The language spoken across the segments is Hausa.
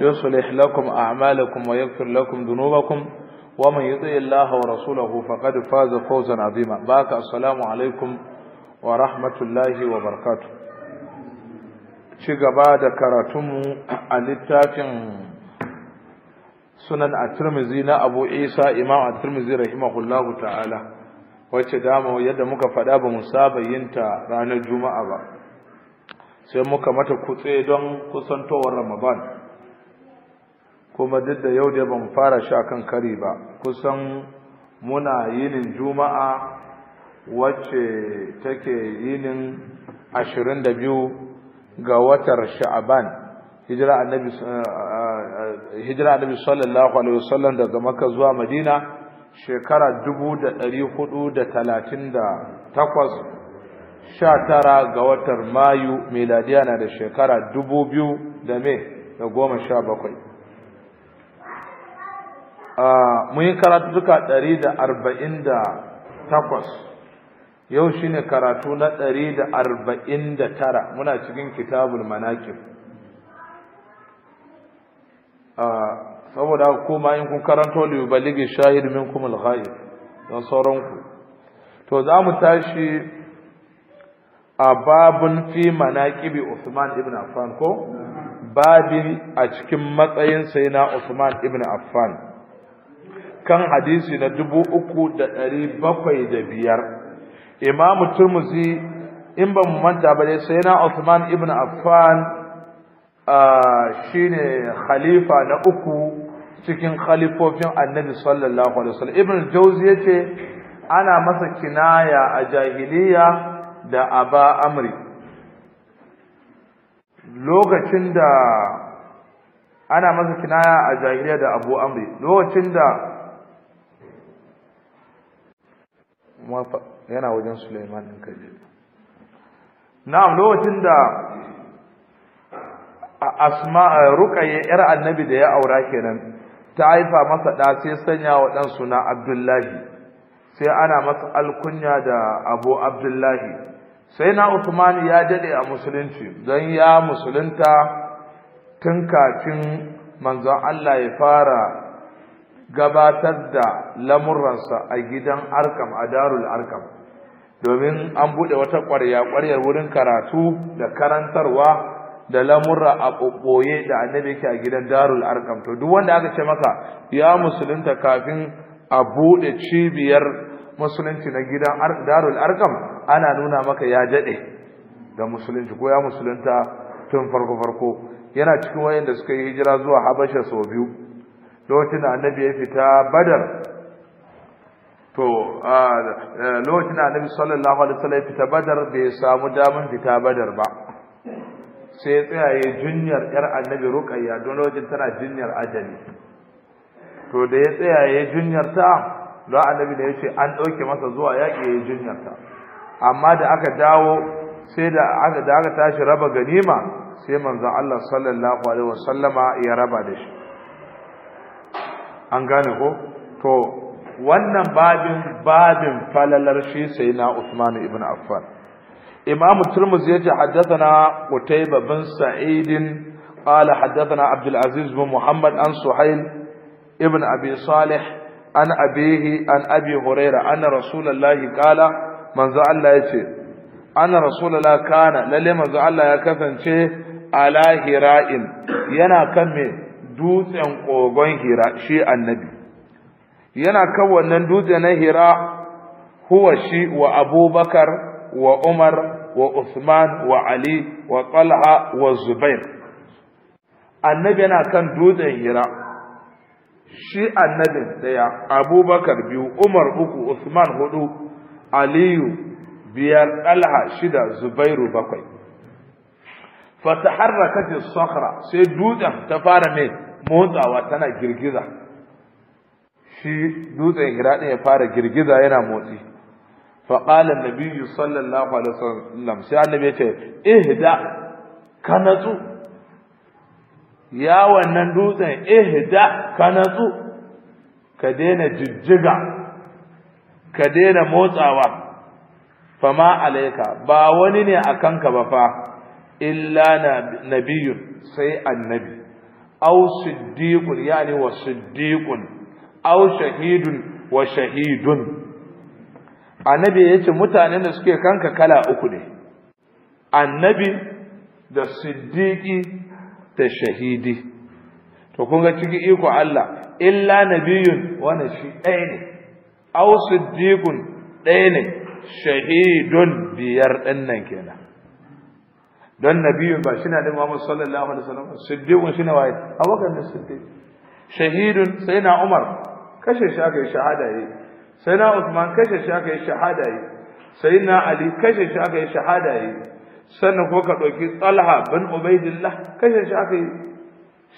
يصلح لكم أعمالكم ويغفر لكم ذنوبكم ومن يطع الله ورسوله فقد فاز فوزا عظيما باك السلام عليكم ورحمة الله وبركاته شغبا ذكرتم الاتاكن sunan at tirmizi na Abu Isa Imam at-Tirmidhi rahimahullahu ta'ala wacce dama yadda muka faɗa ba saba yinta ranar Juma'a ba sai muka mata kutse don kusantowar Ramadan kuma duk da yau da ban fara sha kan kari ba kusan muna yinin juma'a wacce take yinin ashirin da biyu ga watar sha'aban hijira annabi eh, eh, eh, sallallahu alaihi wasallam daga Makka zuwa madina shekara dubu da da talatin sha tara ga watar mayu meladiya na da shekara dubu biyu da me da goma sha bakwai Ah, mun yi duka ɗari da arba'in da takwas yau shine karatu na ɗari da arba'in da tara muna cikin kitabul manakin. Ah, saboda kuma in kun karanto liyubaligi shahid minkum al-ghaib don sauranku to za mu tashi a babun fi manaqibi Usman ibn Affan ko babin a cikin matsayin sai na Usman ibn Affan kan hadisi na dubu uku da ɗari bakwai da biyar imam turmuzi in ba mu manta ba dai sai na Usman ibn Affan shine khalifa na uku cikin khalifofin annabi sallallahu alaihi wasallam ibn jawzi yace ana masa kinaya a jahiliya da aba amri lokacin da ana masa kinaya a jahiliya da abu amri lokacin da yana wajen Suleiman ɗin kaje na'am lokacin da asma ruqayya yar annabi da ya aura kenan ta haifa masa ɗa sai sanya wa ɗansu suna Abdullahi sai ana masa alkunya da Abu Abdullahi sai na Usmani ya dade a musulunci don ya musulunta tun kafin manzon Allah ya fara gabatar da lamurransa a gidan arkam a darul arkam domin an buɗe wata ƙwarya ƙwaryar wurin karatu da karantarwa da lamurra a ɓoɓɓoye da annabi yake a gidan darul arkam to duk wanda aka ce maka ya musulunta kafin a buɗe cibiyar musulunci na gidan darul arkam ana nuna maka ya jade da musulunci ko ya musulunta tun farko farko yana cikin wayanda suka yi hijira zuwa habasha sau biyu lokacin da annabi ya fita badar to lokacin da annabi sallallahu alaihi wasallam ya fita badar bai samu daman fita badar ba sai tsayaye jinyar yar annabi ruqayya don lokacin tana jinyar ajali to da ya tsayaye jinyar ta don annabi da ya ce an ɗauke masa zuwa yaƙi ya jinyar ta amma da aka dawo sai da aka tashi raba ganima sai manzo Allah sallallahu alaihi wasallama ya raba da shi an gane ko to wannan babin babin falalar shi sai na Usman ibn Affan Imam Tirmidhi yace haddathana Utaiba bin Sa'id qala haddathana Abdul Aziz bin Muhammad an Suhail ibn Abi Salih an abihi an Abi Hurairah anna Rasulullahi qala manzo Allah yace anna Rasulullah kana lalle manzo Allah ya kasance ala hira'in yana kan me dutsen kogon hira shi annabi yana kan wannan dutse na hira huwa shi wa abubakar wa umar wa usman wa ali wa talha wa zubair annabi yana kan dutsen hira shi annabi daya abubakar biyu umar uku usman hudu aliyu biyar talha shida zubairu bakwai sakra sai dutsen ta fara mai motsawa tana girgiza shi dutsen hira ɗin ya fara girgiza yana motsi faƙalar nabiyyu sallallahu alaihi wasallam sai annabi ya ce ihda ka natsu ya wannan dutsen ihda ka natsu ka daina jijjiga ka daina motsawa fama alaika ba wani ne a kanka ba fa illa nabiyun sai annabi aw siddiqun yani wa siddiqun aw shahidun wa shahidun annabi yace mutanen da suke kanka kala uku ne annabi da siddiqi da shahidi to kun ga ciki iko Allah illa nabiyun wannan shi ɗaya ne aw siddiqun ɗaya ne shahidun biyar ɗin kenan don nabiyun ba shi na da Muhammad sallallahu alaihi wasallam siddiqun shi ne waye Abubakar ne siddiq shahidun sai na Umar kashe shi aka yi shahada yi sai na Usman kashe shi aka yi shahada yi sai na Ali kashe shi aka yi shahada yi sannan ko ka ɗauki Talha bin Ubaidillah kashe shi aka yi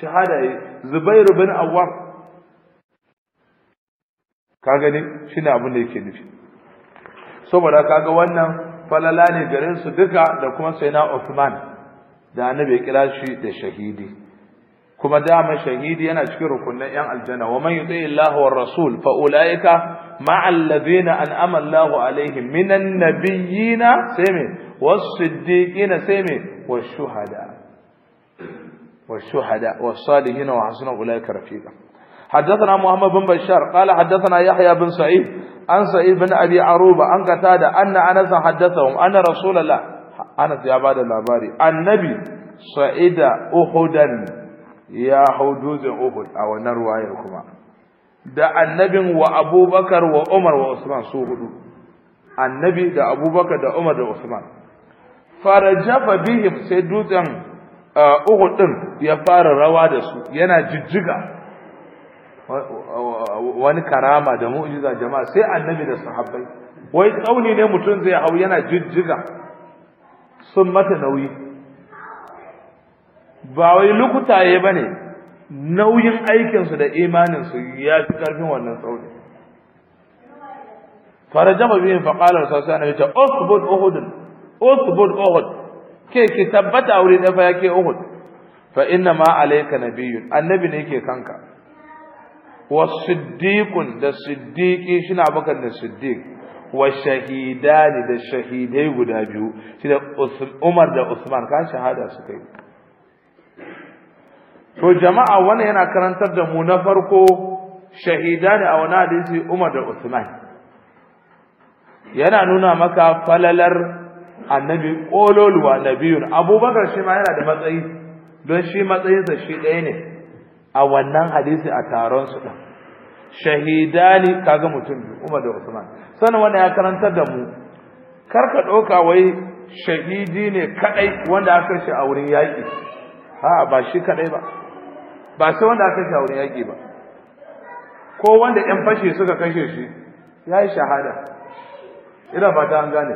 shahada yi Zubairu bin Awwam ka gani shi ne abin da yake nufi saboda kaga wannan falala ne gare su duka da kuma sayyidina Usman da annabi kira shi da shahidi kuma dama shahidi yana cikin rukunin yan aljanna wa man yuti Allah wa rasul fa ulaika ma'a alladhina an'ama Allahu alaihim minan nabiyyina sai me was-siddiqina sai me wash-shuhada wash-shuhada was-salihin wa hasuna ulaika rafiqa حدثنا محمد بن بشار قال حدثنا يحيى بن سعيد عن سعيد بن أبي عروبة عن قتادة ان أنس حدثهم أن رسول الله أنس يا بعد الأباري النبي صعد أحدا يا حدود احد او نروي لكما da annabin wa abubakar wa umar wa usman su hudu annabi da abubakar da umar da usman farajafa bihim sai dutsen uhud din ya fara rawa da su yana jijjiga wani karama da mu'jiza jama'a sai annabi da sahabbai wai tsauni ne mutum zai hau yana jijjiga sun mata nauyi ba wai lukutaye ba ne nauyin aikinsu da imaninsu ya fi karfin wannan tsauni farajama biyun faƙalar sassu ana ta osbud uhudun osbud uhud ke ki tabbata aure dafa yake uhud fa inna ma alayka nabiyyun annabi ne yake kanka wa siddiqun da siddiqi shine abubakar da siddiq wa shahidani da shahidai guda biyu shi umar da usman kan shahada suka yi to jama'a wannan yana karantar da mu na farko shahidani a wani hadisi umar da usman yana nuna maka falalar annabi kololuwa nabiyun abubakar shi ma yana da matsayi don shi matsayinsa shi ɗaya ne a wannan hadisi a taron su din shahidani kaga mutum biyu Umar da Usman sannan wanda ya karantar da mu kar ka ɗauka wai shahidi ne kadai wanda aka shi a wurin yaƙi ha ba shi kadai ba ba sai wanda aka shi a wurin yaƙi ba ko wanda 'yan fashe suka kashe shi ya yi shahada ina ba ta an gane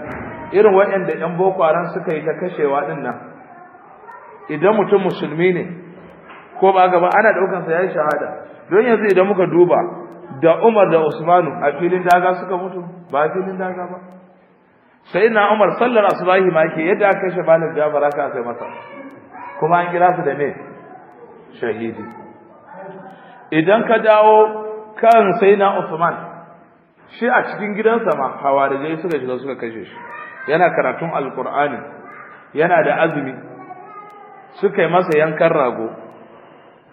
irin waɗanda 'yan boko suka yi ta kashewa din nan idan mutum musulmi ne ko ba gaba ana daukan sa yayi shahada don yanzu idan muka duba da Umar da Usmanu a filin daga suka mutu ba filin daga ba sai na Umar sallar alaihi wasallam yake yadda aka kashe Malik Jafar aka kai masa kuma an kira su da me shahidi idan ka dawo kan sai na Usman shi a cikin gidansa ma hawarijai suka shiga suka kashe shi yana karatun alkur'ani yana da azumi suka yi masa yankan rago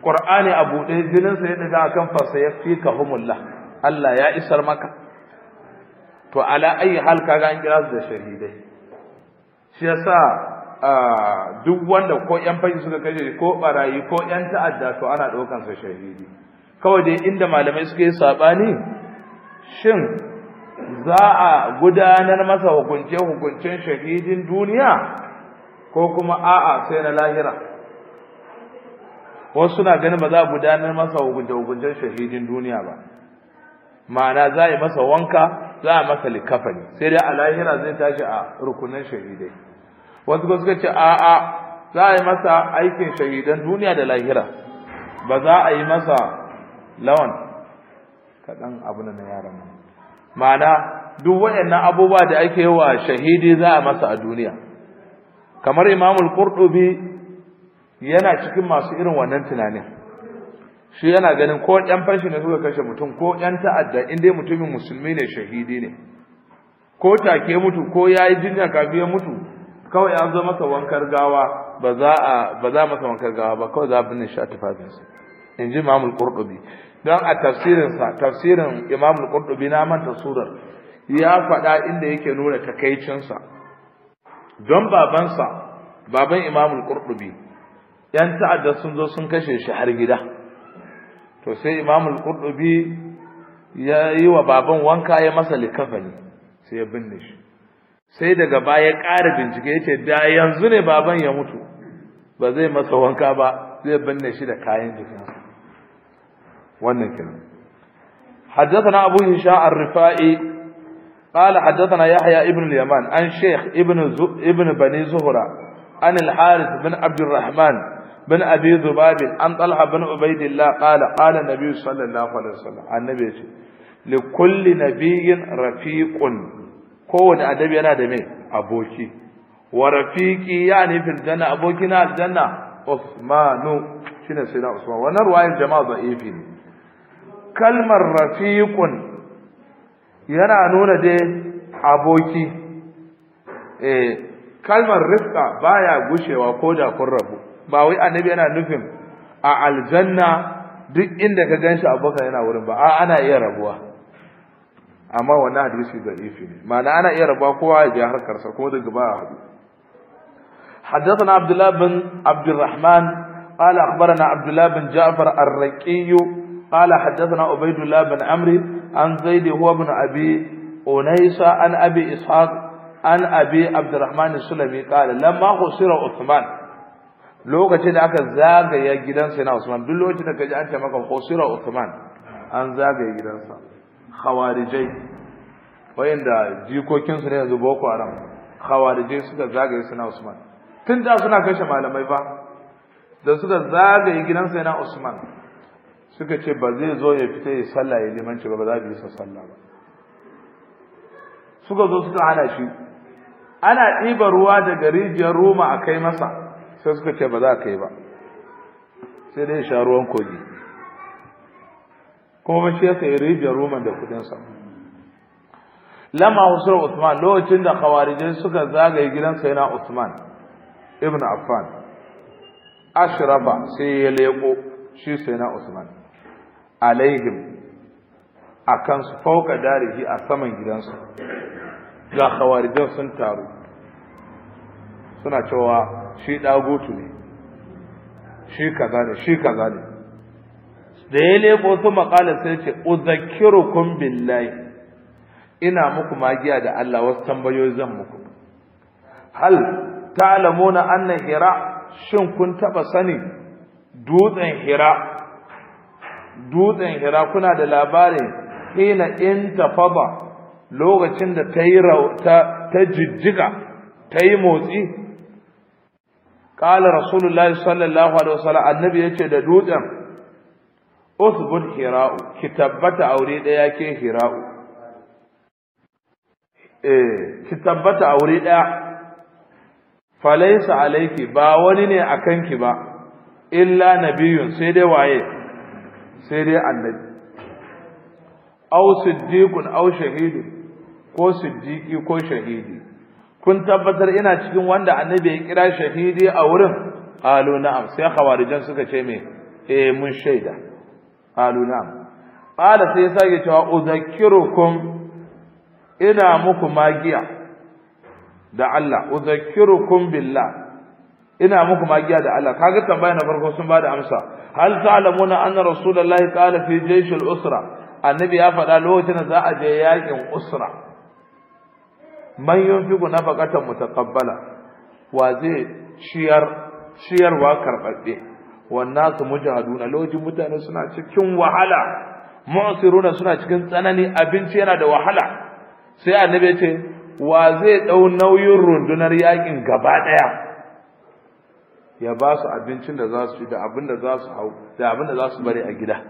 qur'ani a buɗe jinin sa ya daga kan fasa ya fi ka humullah Allah ya isar maka to ala ayi hal ga an kira da shahidai shi yasa duk wanda ko yan fashi suka kashe ko barayi ko yan ta'adda to ana ɗaukan sa shahidi kawai dai inda malamai suka yi sabani shin za a gudanar masa hukunce hukuncen shahidin duniya ko kuma a'a sai na lahira wasu suna ganin ba za a gudanar masa hukunce-hukuncen shahidin duniya ba ma'ana za a yi masa wanka za a masa likafani sai dai a lahira zai tashi a rukunin shahidai wasu ba suka ce a'a za a yi masa aikin shahidan duniya da lahira ba za a yi masa lawan kaɗan abu na yaran nan ma'ana duk waɗannan abubuwa da ake yi wa shahidi za a masa a duniya kamar imamul qurtubi yana cikin masu irin wannan tunanin shi yana ganin ko ɗan fashi ne suka kashe mutum ko ɗan ta'adda in dai mutumin musulmi ne shahidi ne ko take mutu ko ya yi jinya kafin ya mutu kawai an zo masa wankar gawa ba za a ba za masa wankar gawa ba kawai za a binne shi a tufafinsa in ji imamul qurtubi don a tafsirinsa tafsirin imamul qurtubi na manta surar ya faɗa inda yake nuna takaicinsa don babansa baban imamul qurtubi yan ta'adda sun zo sun kashe shi har gida to sai imamul qurdubi ya yi wa baban wanka ya masa likafani sai ya binne shi sai daga baya ƙara bincike yace da yanzu ne baban ya mutu ba zai masa wanka ba zai binne shi da kayan jikinsa wannan kenan حدثنا أبو هشام الرفائي قال حدثنا يحيى ابن اليمان عن شيخ ابن, ابن بني زهرة عن الحارث بن عبد الرحمن bin abi zubab an talha bin ubaidillah qala qala nabi sallallahu alaihi wasallam annabi ce li kulli nabiyyin rafiqun kowane annabi yana da me aboki wa rafiqi yani fil janna Aboki abokina aljanna usmanu shine sayyidina usman wannan ruwayan jama'a da'ifi ne kalmar rafiqun yana nuna dai aboki eh kalmar rifqa baya gushewa ko da kun rabu ba wai annabi yana nufin a aljanna duk inda ka ganshi abubakar yana wurin ba a ana iya rabuwa amma wannan hadisi da ifi ne ma'ana ana iya rabuwa kowa ya je harkarsa kuma daga ba a haɗu حدثنا عبد الله بن عبد الرحمن قال أخبرنا عبد الله بن جعفر الرقي قال حدثنا عبيد الله بن عمرو عن زيد هو بن أبي أنيس عن أبي إسحاق عن أبي عبد الرحمن السلمي قال لما خسر عثمان lokacin da aka zagaya gidansa yana Usman duk lokacin da ka ji an ce maka Khosira Usman an zagaya gidansa khawarijai wayanda jikokinsu ne yanzu Boko Haram khawarijai suka zagaya suna Usman tun da suna kashe malamai ba da suka zagaya gidansa yana Usman suka ce ba zai zo ya fita ya sallah ya limanci ba ba za su yi sallah ba suka zo suka hana shi ana ɗiba ruwa daga rijiyar Roma a kai masa sai suka ce ba za ka yi ba sai dai sha ruwan kogi kuma ba shi ya sai rijiyar roman da kudinsa lama husar usman lokacin da kawarijin suka zagaye gidansa yana usman ibn affan ashraba sai ya leko shi sai na usman alaihim a kansu fauka darihi a saman gidansu ga kawarijin sun taru suna cewa shi ɗagotu ne shi kaza ne shi kaza ne da ya leko su maƙala sai ce uzakirukum billahi ina muku magiya da Allah wasu tambayoyi zan muku hal ta'lamuna anna hira shin kun taba sani dutsen hira dutsen hira kuna da labari hina in tafaba lokacin da ta yi ta jijjiga ta yi motsi qala rasulullahi sallallahu alaihi wasallam annabi yace da dutsen uthbut hira'u ki tabbata aure ɗaya ke hira'u eh ki tabbata aure daya falaisa alayki ba wani ne akan ki ba illa nabiyun sai dai waye sai dai annabi aw siddiqun aw shahidun ko siddiqi ko shahidi kun tabbatar ina cikin wanda annabi ya kira shahidi a wurin qalu na'am sai khawarijan suka ce me eh mun shaida qalu na'am qala sai ya cewa uzakkirukum ina muku magiya da Allah uzakkirukum billah ina muku magiya da Allah kaga tambaya na farko sun bada amsa hal ta'lamuna anna rasulullahi qala fi jaysh usra annabi ya faɗa lokacin da za a je yakin usra man yunfiqu nafaqatan mutaqabbala wa zai ciyar ciyarwa karbabbe wannan su mujahaduna lokacin mutane suna cikin wahala mu'siruna suna cikin tsanani abinci yana da wahala sai annabi ya ce wa zai dau nauyin rundunar yakin gaba daya ya ba su abincin da za su ci da abin da za su hau da abin da za su bari a gida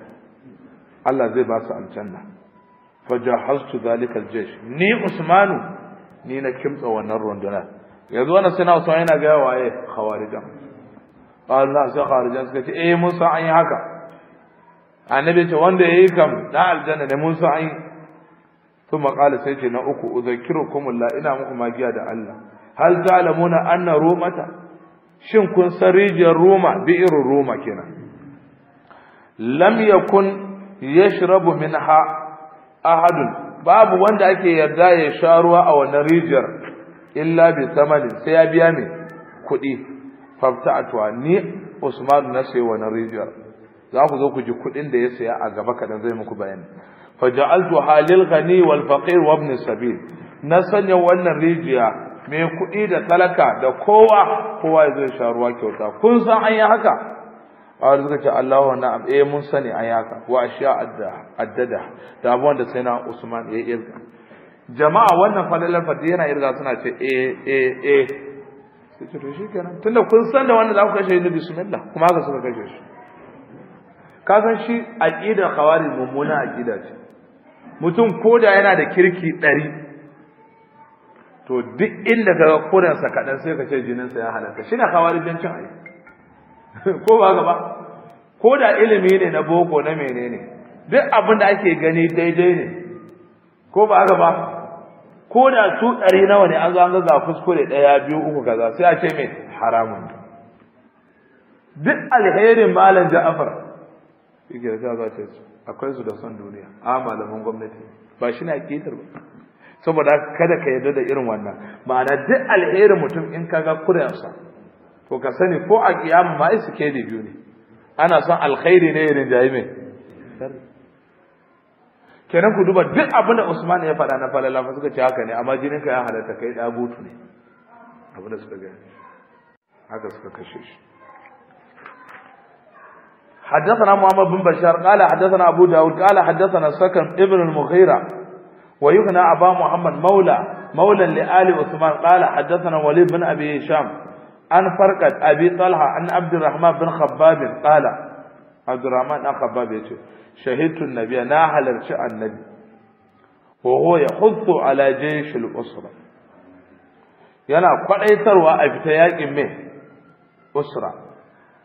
Allah zai ba su fa jahaztu zalikal jaysh ni usmanu ni na kimtsa wannan rundunar yanzu wannan sai usman yana ga waye khawarijan Allah sai khawarijan suka ce eh mun san an yi haka annabi ce wanda yayi kam da aljanna ne mun san an yi thumma qala sai ce na uku uzakkirukum la ina muku magiya da Allah hal ta'lamuna anna rumata shin kun san rijiyar roma irin roma kenan lam yakun yashrabu minha ahadun babu wanda ake yarda ya sha ruwa a wannan rijiyar illa bi sai ya biya ne kuɗi fabta'atuwa ni Usman na sai wannan rijiyar za ku zo ku ji kuɗin da ya saya a gaba kaɗan zai muku bayani ja'altu halil ghani wal faqir wa ibn sabil na sanya wannan rijiya mai kuɗi da talaka da kowa kowa ya zai sha ruwa kyauta kun san an yi haka suka Allah قال ذلك الله mun sani من wa اياك adda addada da abuwan da sai na Usman ya irga jama'a wannan falalar fadi yana irga suna ce eh eh eh sai to kenan tunda kun san da wannan za ku kashe ni bismillah kuma haka suka kashe shi ka san shi aqidar khawarij mummuna aqida ce mutum koda yana da kirki 100 to duk inda ka ga kodansa kaɗan sai ka ce jininsa ya halaka shi na kawarin cin ayi ko ba gaba ko da ilimi ne na boko na menene duk abin da ake gani daidai ne ko ba haka ba ko da su ɗari nawa ne an zo an gaza kuskure ɗaya biyu uku kaza sai a ce mai haramun duk alherin malam ja'afar yake da za ce akwai su da son duniya a malaman gwamnati ba shi na aƙidar ba saboda kada ka yarda da irin wannan ma'ana duk alherin mutum in kaga kurensa to ka sani ko a kiyama ma isu ke da biyu ne ana son alkhairi ne irin jayi kenan ku duba duk abin da Usman ya faɗa na falala fa suka ce haka ne amma jinin ka ya halatta kai da butu ne abin da suka gani haka suka kashe shi حدثنا محمد بن بشار قال حدثنا أبو داود قال حدثنا سكن ابن المغيرة ويكنى أبا محمد مولى مولى لآل عثمان قال حدثنا وليد بن أبي هشام an farkat abi talha an abdurrahman bin khabbab qala abdurrahman dan khabbab yace shahidtu annabiya na halarci annabi wa ya yahuthu ala jaysh al-usra yana kwadaitarwa a fita yakin me usra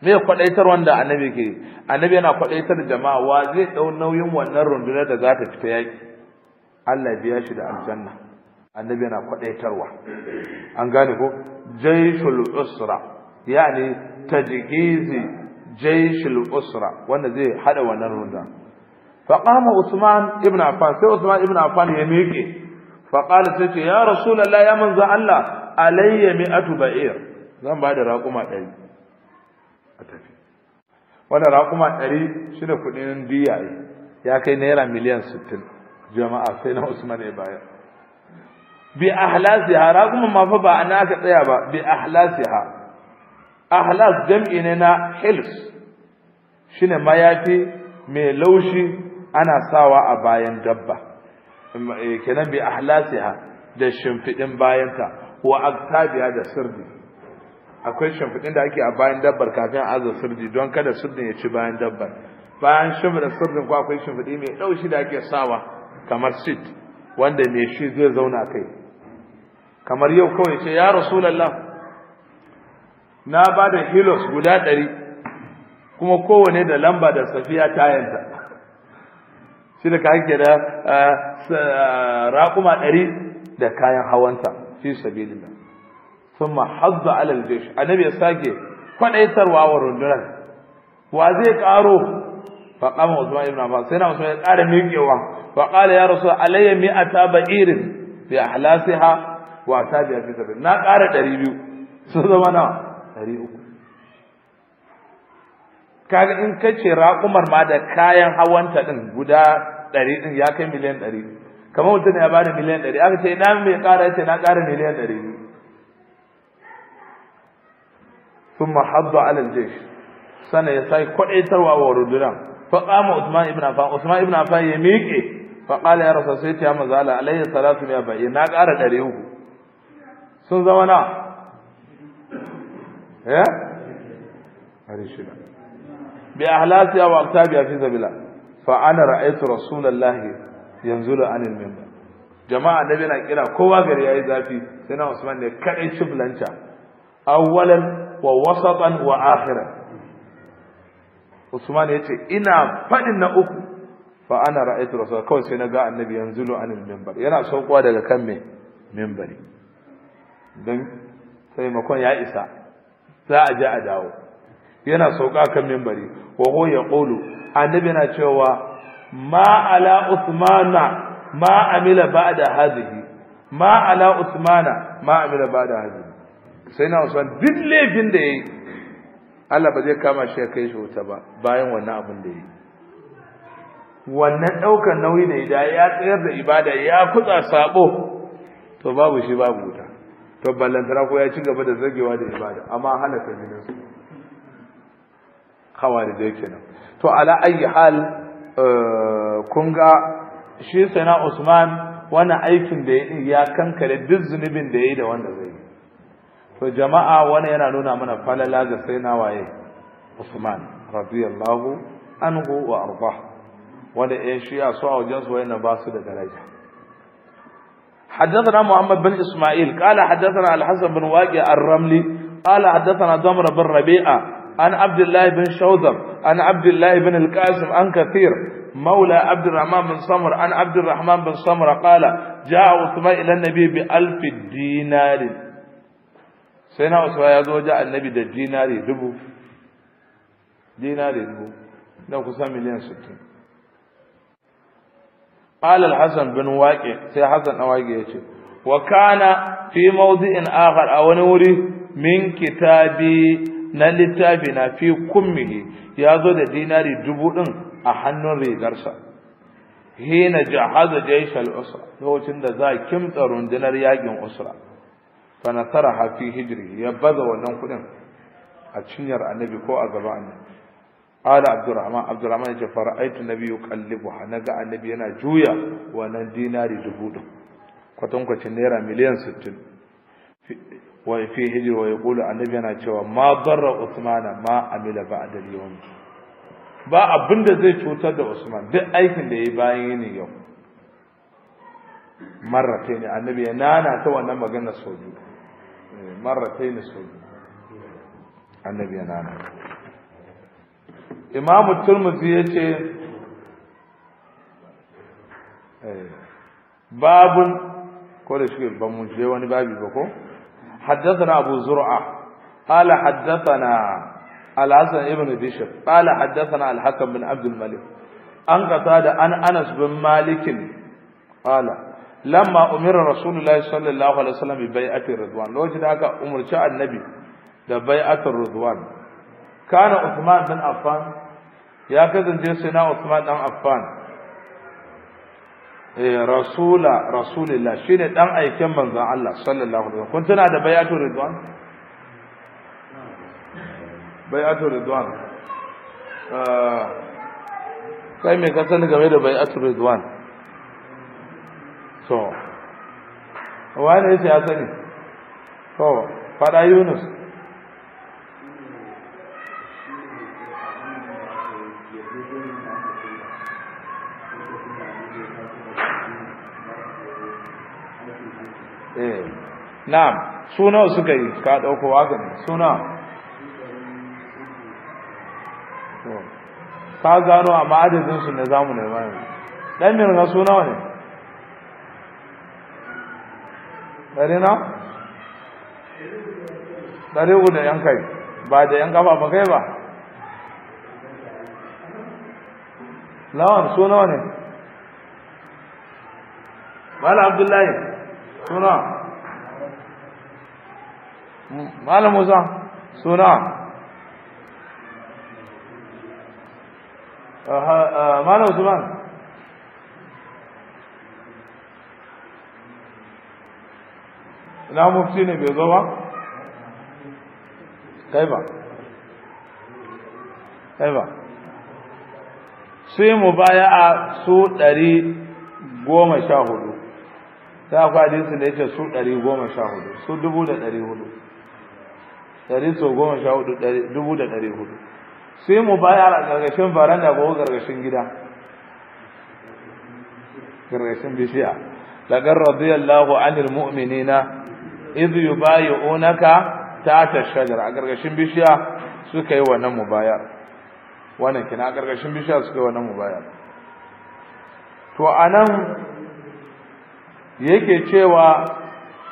me kwadaitar wanda annabi ke annabi yana kwadaitar jama'a wa zai dau nauyin wannan rundunar da za ta fita yaki Allah biya shi da aljanna annabi yana kwadaitarwa an gane ko jaishul usra yani tajgizi jaishul usra wanda zai hada wannan runda fa qama usman ibn affan sai usman ibn affan ya miƙe fa qala sai ce ya rasulullahi ya manzo Allah alayya mi'atu ba'ir zan ba da raƙuma 100 a tafi wannan raƙuma 100 shine kudin diya ya kai naira miliyan 60 jama'a sai na usman ya bayar bi ahlasiha ragumin ma fa ba ana aka tsaya ba bi ahlasiha ahlas jam'i ne na hils shine mayafi mai laushi ana sawa a bayan dabba kenan bi ahlasiha da shimfidin bayanta wa aktabiya da sirdi akwai shimfidin da ake a bayan dabbar kafin aza sirdi don kada sirdin ya ci bayan dabbar bayan shimfida sirdin ko akwai shimfidi mai laushi da ake sawa kamar sit wanda mai shi zai zauna kai kamar yau kawai ce ya rasulallah na ba da hilos guda ɗari kuma kowane da lamba da safiya tayanta shi da kake da raƙuma ɗari da kayan hawanta fi sabilillah sun hazza ala a annabi ya sake kwadaitarwa wa rundunar wa zai ba fa wasu usman ibn abbas sai na usman ya ƙara miƙewa fa qala ya rasul alayya mi'ata ba'irin bi ahlasiha wasa biya fi sabbin na kara ɗari biyu sun zama na ɗari uku kaga in ka ce raƙumar ma da kayan hawanta ɗin guda ɗari ɗin ya kai miliyan ɗari kamar mutum ya bada miliyan ɗari aka ce ina mai ya ce na kara miliyan ɗari biyu sun mahabba alal jesh sana ya sai kwaɗaitarwa wa rundunan faƙama usman ibn afan usman ibn afan ya miƙe faƙala ya rasa sai ta yi maza ala alayhi salatu ya bayi na kara ɗari uku sun zama na ya eh? hari shida bi ahlasiya wa aktabiya fi sabila fa ana ra'aytu yanzu da anil minbar jama'a nabi bina kira kowa gari yi zafi sai na Usman ne kadai ciblanta awwalan wa wasatan wa akhiran Usman yace ina fadin na uku fa ana ra'aytu rasul kawai sai naga annabi yanzulu anil minbar yana saukowa daga kan me minbari don taimakon ya isa za a je a dawo yana sauka kan membari. wa ya yaqulu annabi yana cewa ma ala usmana ma amila ba'da hadhihi ma ala usmana ma amila ba'da hadhihi sai na usman duk laifin da yi. Allah ba zai kama shi ya kai shi wuta ba bayan wannan abin da yi. wannan daukar nauyi da ya tsayar da ibada ya kutsa sabo to babu shi babu wuta to ballantara ko ya ci gaba da zagewa da ibada amma hana ta jinin su yake nan. to ala ayi hal eh, kun ga shi sana Usman wannan aikin da ya kankare duk zunubin da yayi da wanda zai to jama'a wannan yana nuna mana falala ga sai na waye Usman radiyallahu anhu wa arba wanda ya shi a so a wajen su wayannan ba su da daraja حدثنا محمد بن إسماعيل قال حدثنا الحسن بن واقع الرملي قال حدثنا دمر بن ربيعة عن عبد الله بن شوذب عن عبد الله بن القاسم عن كثير مولى عبد الرحمن بن سمر عن عبد الرحمن بن سمر قال جاء عثمان إلى النبي بألف دينار سيدنا عثمان يقول جاء النبي دينار دبو ديناري دبو لو كسام مليون ستين Hassan قال الحسن بن واقع سي حسن واقع يجي وكان في موضع آخر أو نوري من كتابي نلتابنا في كمه يازو ديناري دبو a hannun rigarsa hina jahaza jaishal usra lokacin da za kimtsa rundunar yakin usra fa nasara fi hijri ya baza wannan kuɗin a cinyar annabi ko a gaban قال عبد الرحمن عبد الرحمن يقول فرأيت النبي يقلبها نقع النبي أنا جويا وانا ديناري دبوده kwatankwacin naira miliyan 60 wa fi hijir wa yaqulu annabi yana cewa ma darra usman ma amila ba'da al-yawm ba abinda zai cutar da usman duk aikin da yayi bayan yini yau marratayn annabi ya nana ta wannan magana sau biyu marratayn sau biyu annabi ya imamu turmuzi ya ce babun ko da shi ba mu je wani babi ba ko حدثنا أبو زرعة قال حدثنا الحسن ابن بشر قال حدثنا الحكم بن عبد الملك أن قتاد أن أنس بن مالك قال لما أمر رسول الله صلى الله عليه وسلم ببيعة الرضوان لو جد أمر شاء النبي ببيعة الرضوان kana Uthman bin Affan ya kasance sai na Uthman dan Affan eh rasula rasulillah shine dan aiken manzon Allah sallallahu alaihi wasallam kun tana da bayatu ridwan bayatu ridwan eh kai me ka sani game da bayatu ridwan so wani ya sani to fada Yunus na'am suna suka yi ka dauko waka ne ka gano amma adadin su ne zamu ne bayan dan mai ga suna ne dare na dare uku da yan kai ba da yan kafa ba kai ba Na'am, suna ne mala abdullahi suna. malam musa suna uh, uh, malam usman na mufti ne bai zo ba kai ba kai ba yi mu baya a su ɗari goma sha hudu ta akwai hadisin da yake su ɗari goma sha hudu su dubu da ɗari hudu goma sha hudu dubu da hudu sai mu bayar a gargashin baranda ko gargashin gida Gargashin bishiya lagar radiyallahu anil mu'minina idh yubayi'unaka tahta shajar a gargashin bishiya suka yi wannan mu bayar wannan kina a gargashin bishiya suka yi wannan mu bayar to anan yake cewa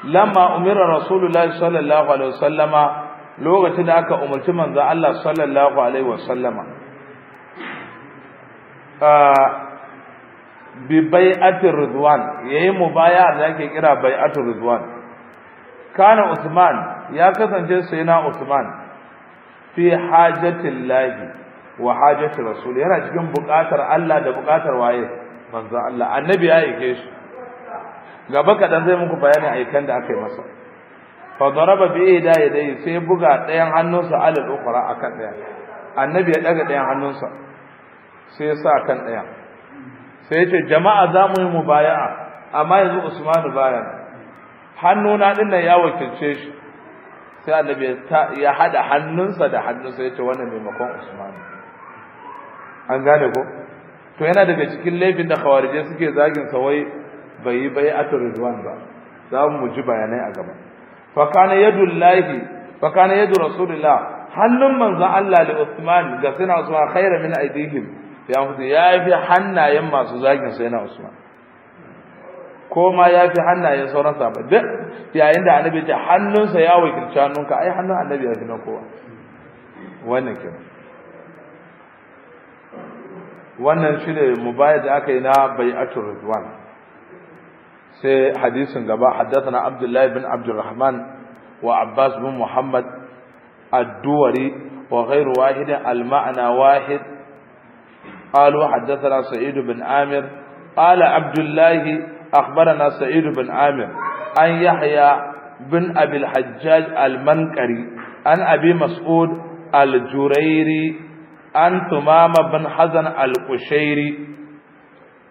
lamma umira rasulullahi sallallahu alaihi wasallama lokacin da aka umarci manzo Allah sallallahu alaihi wasallama bi bai'atir ridwan yayi mubayar da ake kira bai'atir ridwan kana Usman ya kasance sayyidina Usman fi hajatil lahi wa hajatir rasul yana cikin buƙatar Allah da bukatar waye manzo Allah annabi ya aike shi gaba kadan zai muku bayani aikan da aka yi masa fa daraba bi da dai sai buga ɗayan hannunsa alal ukhra akan ɗayan. annabi ya daga ɗayan hannunsa sai sa kan ɗayan. sai yace jama'a za mu yi mubaya'a amma yanzu Usman bayan hannuna din ya wakilce shi sai annabi ya hada hannunsa da hannunsa yace wannan maimakon Usman an gane ko to yana daga cikin laifin da khawarije suke zagin sa wai bai yi bai atur ridwan ba za mu ji bayanai a gaba Fakana yadu yadullahi fa yadu rasulillah hannun manzon Allah li Usman ga suna Usman khairu min aidihim ya mutu ya fi hannayen masu zagin sai na Usman ko ma ya fi hannayen sauran sahabbai duk yayin da annabi ta hannunsa ya wakilci hannunka ai hannun annabi ya fi na kowa wannan kenan wannan shi ne mubayar da aka yi na bai'atul ridwan sai hadisin gaba haddathana abdullah ibn abdurrahman wa abbas bin muhammad ad-duwari wa ghayru wahid al-ma'na wahid قالوا حدثنا سعيد بن عامر قال عبد الله أخبرنا سعيد بن عامر أن يحيى بن أبي الحجاج المنكري أن أبي مسعود الجريري أن تمام بن حزن القشيري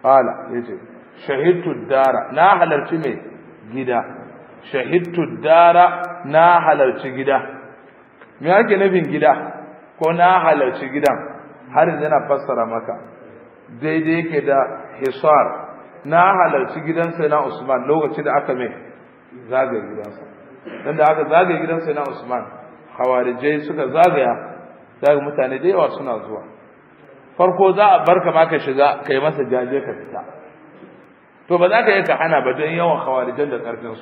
قال يجب shahidtu dara na halarci mai gida shahidtu dara na halarci gida me ake nufin gida ko na halarci gidan har yana fassara maka daidai yake da hisar na halarci gidan sai na usman lokacin da aka mai zagaye gidansa dan da aka zagaye sai na usman hawarijai suka zagaya daga mutane da yawa suna zuwa farko za a barka ma ka shiga kai masa jaje ka fita to ba za ka yi ka hana ba don yawan hawarijan da ƙarfin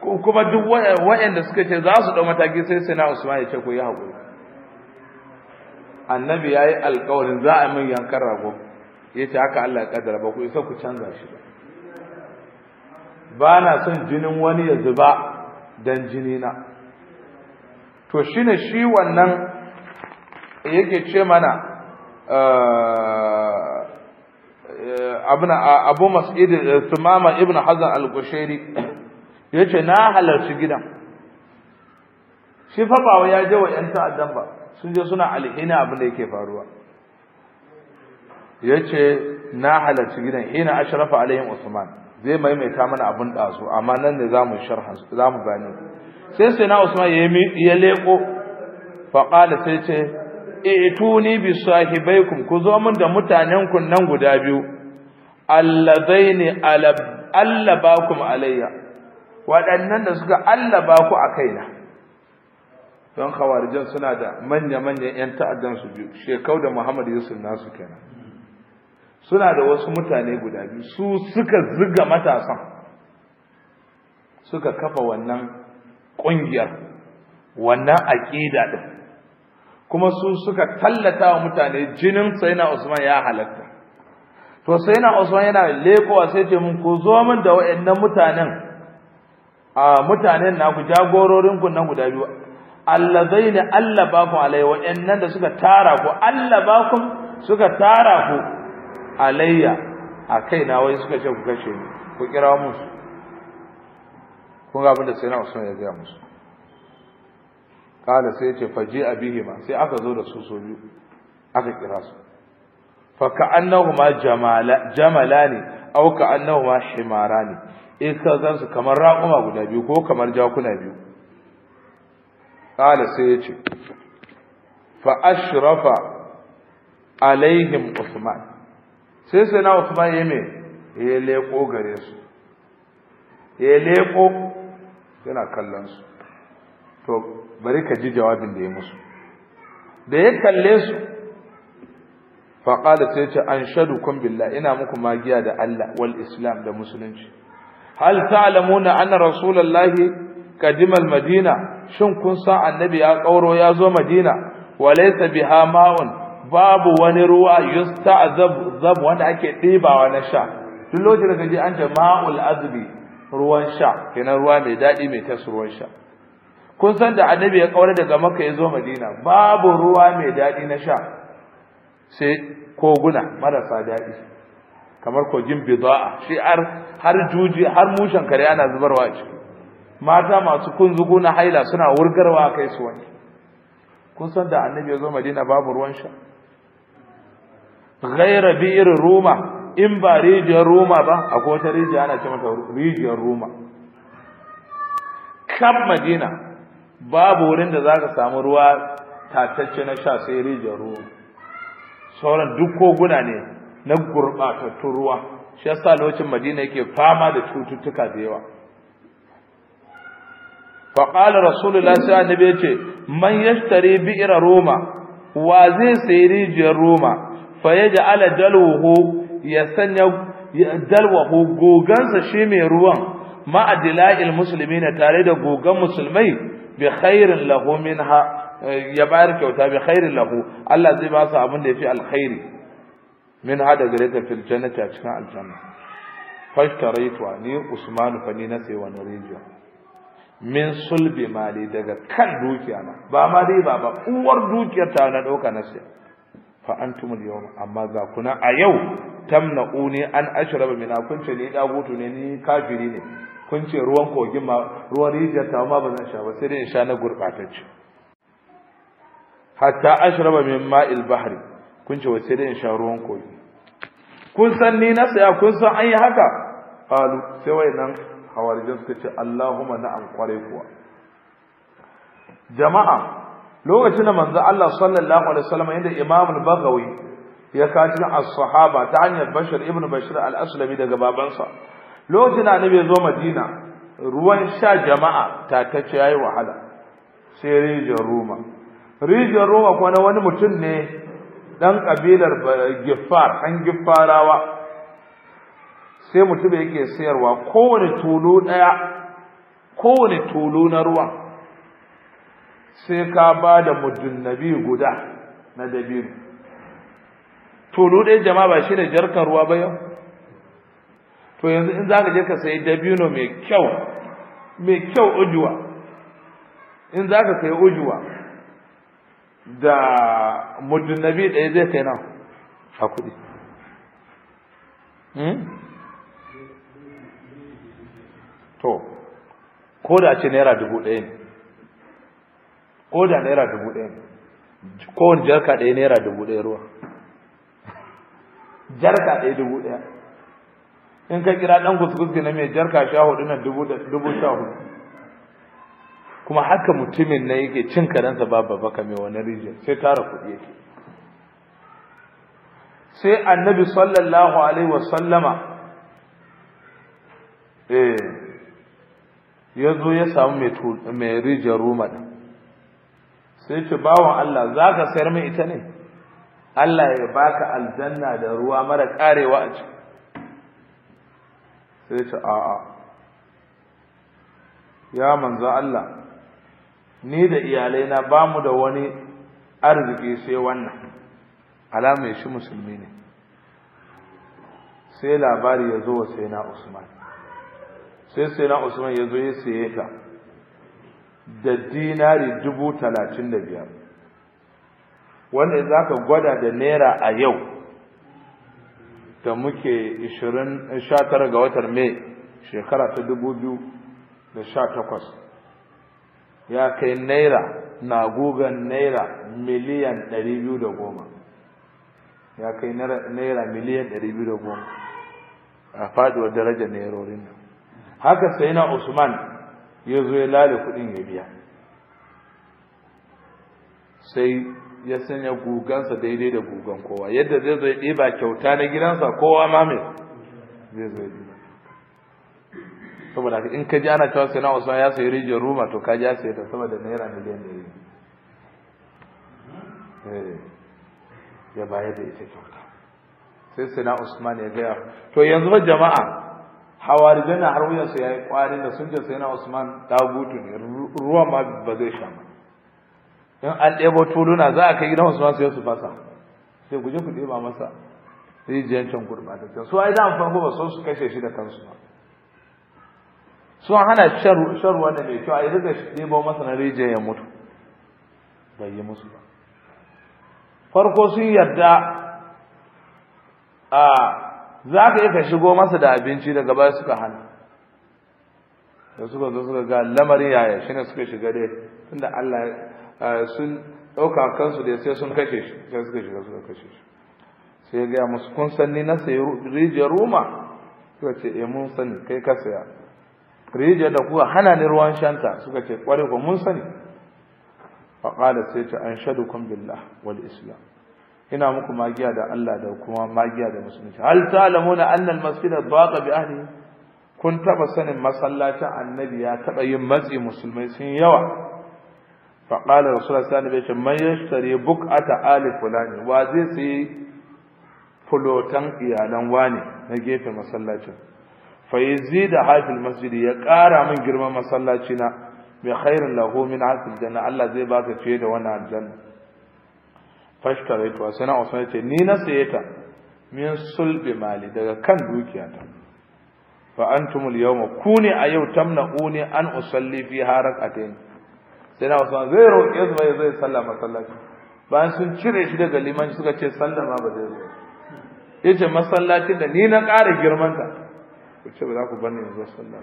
kuma duk waɗanda suka ce za su ɗau mataki sai sai na usman ya ce ku yi haƙuri annabi ya yi alƙawarin za a min yankan rago ya ce haka allah ya ƙaddara ba ku isa ku canza shi ba na son jinin wani ya zuba don jini na to shine shi wannan yake ce mana eh, Eh, abin abu mas'id eh, sumama ibn hazan al gushairi yace na halarci gidan shi fa ba ya je wa yan ta'addan ba sun je suna alhina abin da yake faruwa yace na halarci gidan hina ashrafa alaihim usman zai maimaita mana abin dazu amma nan ne zamu sharhan zamu sai sai na usman ya leko fa qala sai ce ituni eh, bi sahibaikum ku zo min da mutanen kun nan guda biyu alladaini allabakum alayya waɗannan da suka allaba ku a kaina don khawarijin suna da manya-manyan 'yan ta'addan su biyu shekau da muhammad yusuf nasu kenan suna da wasu mutane guda biyu su suka ziga matasan suka kafa wannan ƙungiyar wannan aƙida ɗin kuma su suka tallata wa mutane jinin sayina Usman ya halatta to sayina Usman yana lekowa sai ce mun ku zo min da wa'annan mutanen a mutanen na ku jagororin ku nan guda biyu allazaina ku alai wa'annan da suka tara ku Allah ku suka tara ku alayya a kaina wai suka ce ku kashe ni ku kira musu kun ga abin da sayina Usman ya ga musu kala sai ce faji a bihima sai aka zo da su so biyu aka kira su fa ka ma jamala jamalani aw ka annahuma himarani in eh, ka zan su kamar raƙuma guda biyu ko kamar jakuna biyu kala sai ya ce fa ashrafa alaihim usman sai sai na usman ya ya leko gare su ya leko yana kallon su to bari ka ji jawabin da ya musu da ya kalle su faƙada ta ce an shaɗu kun ina muku magiya da Allah wal islam da musulunci hal ta'lamuna anna rasulullahi qadimal madina shin kun san annabi ya kauro ya zo madina walaysa biha ma'un babu wani ruwa yusta'zab zab wanda ake ɗibawa na sha duk lokacin da kaje an jama'ul ma'ul azbi ruwan sha kenan ruwa mai daɗi mai tas ruwan sha kun san da annabi ya kaura daga makka ya zo madina babu ruwa mai daɗi na sha sai koguna marasa daɗi kamar kogin bida'a shi har juji har mushen kare ana zubarwa a ciki mata masu kunzugu na haila suna wurgarwa kai su wani kun san da annabi ya zo madina babu ruwan sha ghaira bi'ir ruma in ba rijiyar ruma ba akwai wata rijiya ana ce mata rijiyar ruma. kan madina babu wurin da zaka samu ruwa tatacce na sha sai rijiyar ruwa sauran duk koguna ne na gurbatattun ruwa shi sa lokacin Madina yake fama da cututtuka da yawa faƙala qala rasulullah sai annabi yace man tare bi'ira roma wa zai sayi rijiyar roma fa ala dalwahu ya sanya dalwahu gogansa shi mai ruwan ma'adila'il musulmi na tare da gogan musulmai bi eh, ya bayar kyauta bi khairin lahu Allah zai ba su abin da yafi alkhairi min hada gare ta a cikin aljanna fashtaraitu ni usman fa ni na sai wani rijiya min sulbi mali daga kan dukiya na ba ma dai ba uwar dukiyar ta na dauka na sai fa antum al amma ga a yau tamna'uni an ashraba min akunta ni dagutu ne ni kafiri ne kun ce ruwan kogin ma ruwan rijiyar ta ma ba zan sha ba sai dai in sha na gurɓatacce hatta ashraba min ma'il bahri kun ce wai sai dai in sha ruwan kogi kun san ni na saya kun san an yi haka qalu sai wayannan hawarijin suka ce Allahumma na'am kware kuwa jama'a lokacin da manzo Allah sallallahu alaihi wasallam inda Imam al-Baghawi ya kaji as-sahaba ta hanyar Bashir ibn Bashir al-Aslami daga babansa lokacin da annabi ya zo madina ruwan sha jama'a ta tatacce yayi wahala sai rijiyar roma rijiyar roma kuma na wani mutum ne dan kabilar giffar an gifarawa? sai mutum yake sayarwa kowane tulu daya kowane tulu na ruwa? sai ka ba da guda na dabiru tulu ɗaya jama'a ba shi da jarkar ruwa ba yau to yanzu in zaka je ka sayi dabino mai kyau mai kyau ujuwa in za ka sayi ujuwa da muddin nabi ɗaya zai kai na a kuɗi hmm? to ko da ce naira dubu ɗaya ne ko da naira dubu ɗaya ne kowane jarka ɗaya naira dubu ɗaya ruwa jarka ɗaya dubu ɗaya in ka kira dan kuskuski na mai jarka sha hudu na dubu dubu sha hudu kuma haka mutumin na yake cin ba babba baka mai wani rijiyar sai tara kuɗi yake sai annabi sallallahu alaihi wasallama eh ya zo ya samu mai rijiyar roma ɗin sai ce bawan Allah za ka sayar mai ita ne Allah ya baka aljanna da ruwa mara karewa a ciki sai ce a'a ya manzo Allah ni da iyalaina ba mu da wani arziki sai wannan alama shi musulmi ne sai labari ya zo wa sai na Usman sai sai na Usman ya zo ya saye ta da dinari dubu talatin da biyar wanda za ka gwada da naira a yau da muke 19 ga watan mai shekara ta 2018 ya kai naira na gugan naira miliyan 210 ya kai naira miliyan 210 a faduwar darajar nairorin nan haka sai na usman ya zo ya lalata kudin ya biya sai ya sanya gugansa daidai da gugan kowa yadda zai zo ya ɗiba kyauta na gidansa kowa ma mai zai zo ya ɗiba saboda in ka ji ana cewa sai na usman ya sayi rijiyar ruma to ka ji ya sayi ta saboda naira miliyan ɗari eh, ya bayar da ita kyauta sai sai na usman ya gaya to yanzu ba jama'a hawarijana har wuyansu ya yi kwari da sun je sai na usman ta gutu ne ruwan ma ba zai sha ba in an ɗebo tuluna za a kai gidan masu sai su fasa sai guje ku ɗeba masa rijiyar can gurɓataccen su ai da farko ba so su kashe shi da kansu ba sun hana sharuwa da mai kyau a yi riga ɗebo masa na rijiyar ya mutu bai yi musu ba farko sun yarda a za ka yi ka shigo masa da abinci daga baya suka hana da suka zo suka ga lamarin yaya shi ne suka shiga dai tunda Allah sun ɗauka kansu da sai sun kashe shi sai suka shiga suka kashe shi sai ga musu kun san ni na sai rijiyar roma suka ce eh mun sani kai ka saya rijiyar da kuka hana ni ruwan shanta suka ce kware ko mun sani fa qala sai ta anshadukum billah wal islam ina muku magiya da Allah da kuma magiya da musulunci hal ta'lamuna anna al al baqa bi ahli kun taba sanin masallacin annabi ya taba yin matsi musulmai sun yawa fa qala rasulullah sallallahu alaihi wasallam man yashtari buk'ata ali fulani wa zai sayi fulotan iyalan wani na gefe masallacin fa yazida hafil masjidi ya ƙara min girman masallaci na bi khairin lahu min asl janna Allah zai baka fiye da wannan aljanna fashtaraitu wa sana usman ce ni na saye ta min sulbi mali daga kan dukiyata fa antumul yawma kuni a yau tamna'uni an usalli fi harakatayn sai na usman zai roƙe su bai zai sallah masallaci bayan sun cire shi daga limanci suka ce sallah ma ba zai zo ya ce masallacin da ni na ƙara girmanta ku ce ba za ku bar ni yanzu sallah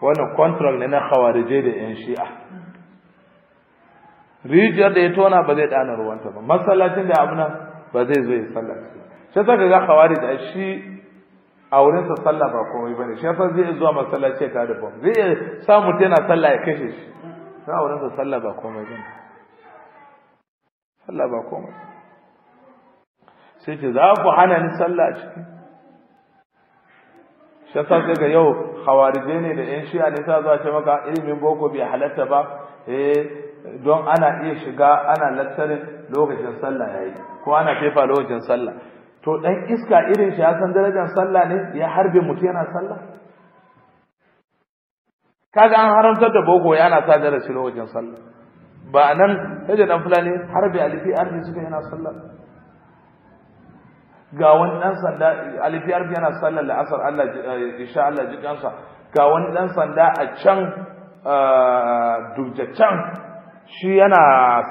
wannan contract ne na khawarije da yan shi'a rijiyar da ya tona ba zai ɗana ruwanta ba masallacin da abu nan ba zai zo ya sallah sai saka ga khawarij shi a wurin sa sallah ba komai bane shi yasa zai zuwa masallaci ta da bom zai sa mutum yana sallah ya kashe shi sai a wurin sa sallah ba komai bane sallah ba komai sai ce za ku hana ni sallah a ciki shi yasa sai ga yau hawarije ne da yan shi'a ne sa zuwa ce maka ilimin boko bai halatta ba eh don ana iya shiga ana lattarin lokacin sallah yayi ko ana fefa lokacin sallah to dan iska irin shi ya san darajar sallah ne ya harbe mutu yana sallah kaga an haramtar da boko yana sa darasi wajen sallah ba nan sai da dan fulani harbe alifi arbi suka yana sallah ga wani dan sanda alifi arbi yana sallah la'asar Allah insha eh, Allah jikansa ga wani dan sanda a can eh, dubjaccen shi yana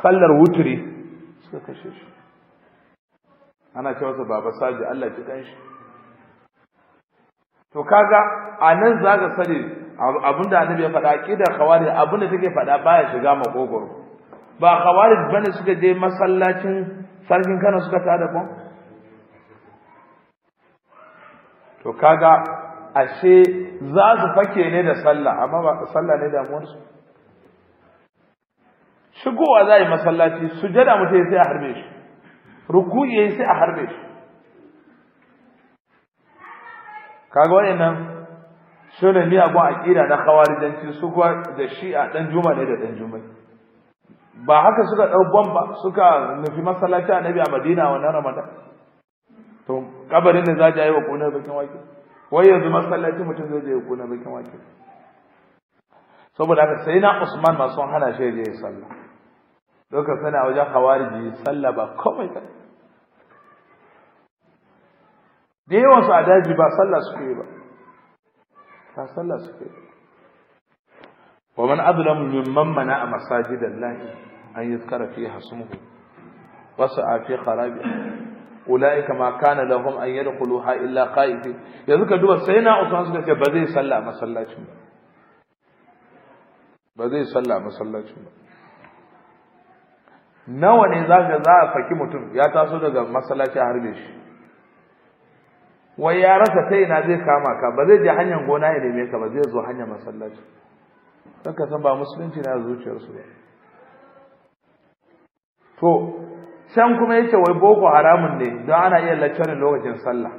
sallar wuturi suka kashe shi ana ce masa baba saji Allah ki kanshi to kaga a nan za ka sani abin da annabi ya faɗa ƙidar khawarij abin da take faɗa baya shiga makogoro ba khawarij bane suka je masallacin sarkin Kano suka tada ko to kaga ashe za su fake ne da sallah amma ba sallah ne da su shigowa za yi masallaci sujada mutai sai a harbe shi ruku'i yi sai a harbe shi kaga wayannan shine a aqida na khawarijanci su kuwa da shi'a dan juma ne da dan juma ba haka suka dau bomba suka nufi masallaci annabi a Madina wannan Ramadan to kabarin da za a yi wa kunar bakin wake wai yanzu masallaci mutum zai je ya kunar bakin wake saboda haka sai na Usman ma sun hana shi je sallah doka sana wajen hawariji sallah ba komai da yawan su a daji ba sallah suke yi ba ba sallah suke yi wa man azlamu mimman mana a lahi, an yi fiha smuhu wasu a fi kharabi ulaika ma kana lahum an yadkhuluha illa qaifin yanzu ka duba sai na usman suka ce ba zai sallah masallacin ba ba zai sallah masallacin ba nawa ne za a faki mutum ya taso daga masallaci a harbe shi wai ya rasa ta ina zai kama ka ba zai je hanyar gona ya neme ka ba zai zo hanyar masallaci don ka san ba musulunci na zuciyarsu ba to can kuma ya wai boko haramun ne don ana iya lacharin lokacin sallah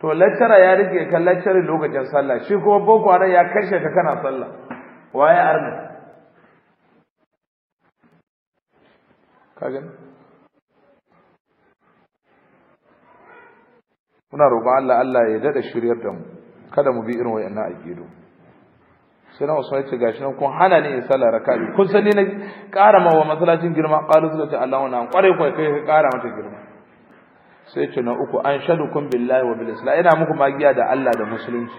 to laccara ya rike kan lacharin lokacin sallah shi kuma boko haram ya kashe ka kana sallah waye arna ka muna roƙon Allah Allah ya dada shiryar da mu kada mu bi irin wayannan aqidu sai na wasu ce gashi nan kun hana ni in sallah raka'a kun san ni na ƙara ma wa masalacin girma qalu suka ce Allahu na kware kai kai ƙara mata girma sai ce na uku an kun billahi wa bil islam ina muku magiya da Allah da musulunci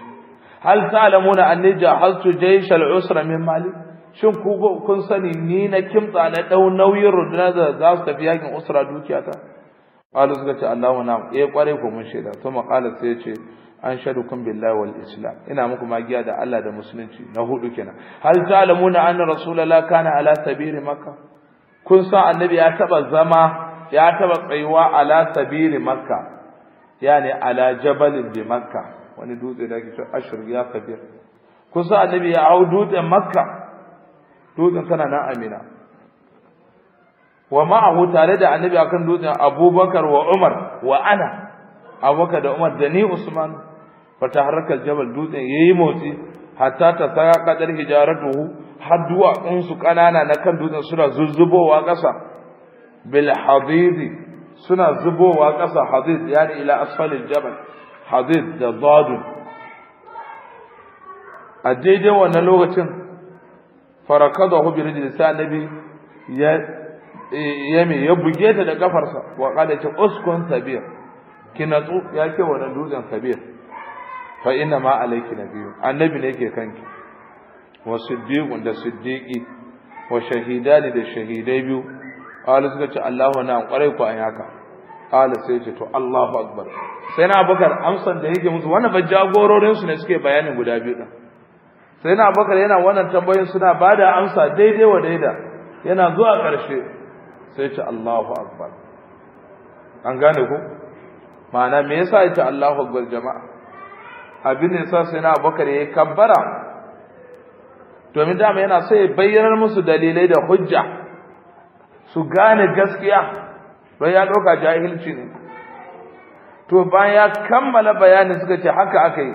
hal anija anni jahaltu jaysh usra min mali shin ku kun sani ni na kimtsa na dau nauyin rundunar da za su tafi yakin usra dukiyata qalu suka ce Allahu na eh kwarai ko mun shaida to maqala sai ya ce an shadukum billahi wal islam ina muku magiya da Allah da musulunci na hudu kenan hal ta'lamuna anna rasulullah kana ala sabiri makka kun san annabi ya taba zama ya taba tsayuwa ala sabiri makka yani ala makka wani dutse da cewa ya kabir kun san annabi ya hau dutsen makka dutsen tana nan amina wa ma'ahu tare da annabi akan dutsen abubakar wa umar wa ana abubakar da umar da ni usman fa harkar jabal dutsen yayi motsi hatta ta saka kadar hijaratuhu har duwatsun su kanana na kan dutsen suna zuzzubowa kasa bil hadid suna zubowa kasa hadid yani ila asfalil jabal hadid da dadu a daidai wannan lokacin farakadahu bi rijli sa ya yame ya buge ta da kafarsa wa kada ta uskun sabir ki natsu ya ke wannan dutsen sabir fa inna ma alayki nabiyyu annabi ne yake kanki wa siddiqun da siddiqi wa shahidani da shahidai biyu qala suka ce Allahu na ƙware ku an haka qala sai ce to Allahu akbar sai na bakar amsan da yake musu wannan ba jagororin su ne suke bayanin guda biyu din sai na bakar yana wannan tambayoyin suna bada amsa daidai wa daida yana zuwa ƙarshe sai ce Allahu akbar an gane ku ma'ana me yasa ya ce Allahu akbar jama'a abin da yasa sai na Abubakar ya kabbara domin dama yana sai bayyana musu dalilai da hujja su gane gaskiya bai ya ɗauka jahilci ne to bayan ya kammala bayani suka ce haka aka yi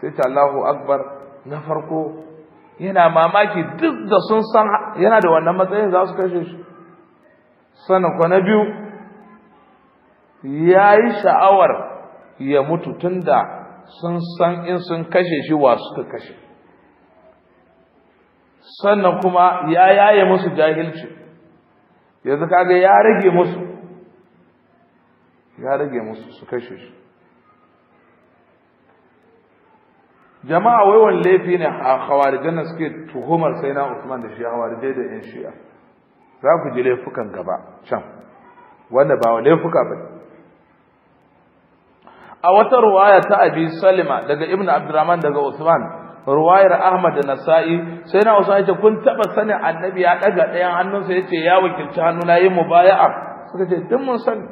sai ce Allahu akbar na farko yana mamaki duk da sun san yana da wannan matsayin za su kashe shi sannan kwana na biyu yi sha'awar ya mutu tun da sun san in sun kashe shi wa suka kashe sannan kuma ya yaye musu jahilci yanzu kaga ya rage musu ya rage musu su kashe shi jama'a wai wani laifi ne a hawarijan suke tuhumar sai na Usman da shi hawarijai da yan shi'a za ku ji laifukan gaba can wanda ba laifuka ba a wata ruwaya ta abi salima daga ibnu abdurrahman daga usman ruwayar ahmad da nasa'i sai na usman yace kun taba sanin annabi ya daga ɗayan hannunsa yace ya wakilci hannu na yin mubaya'a suka ce duk mun sani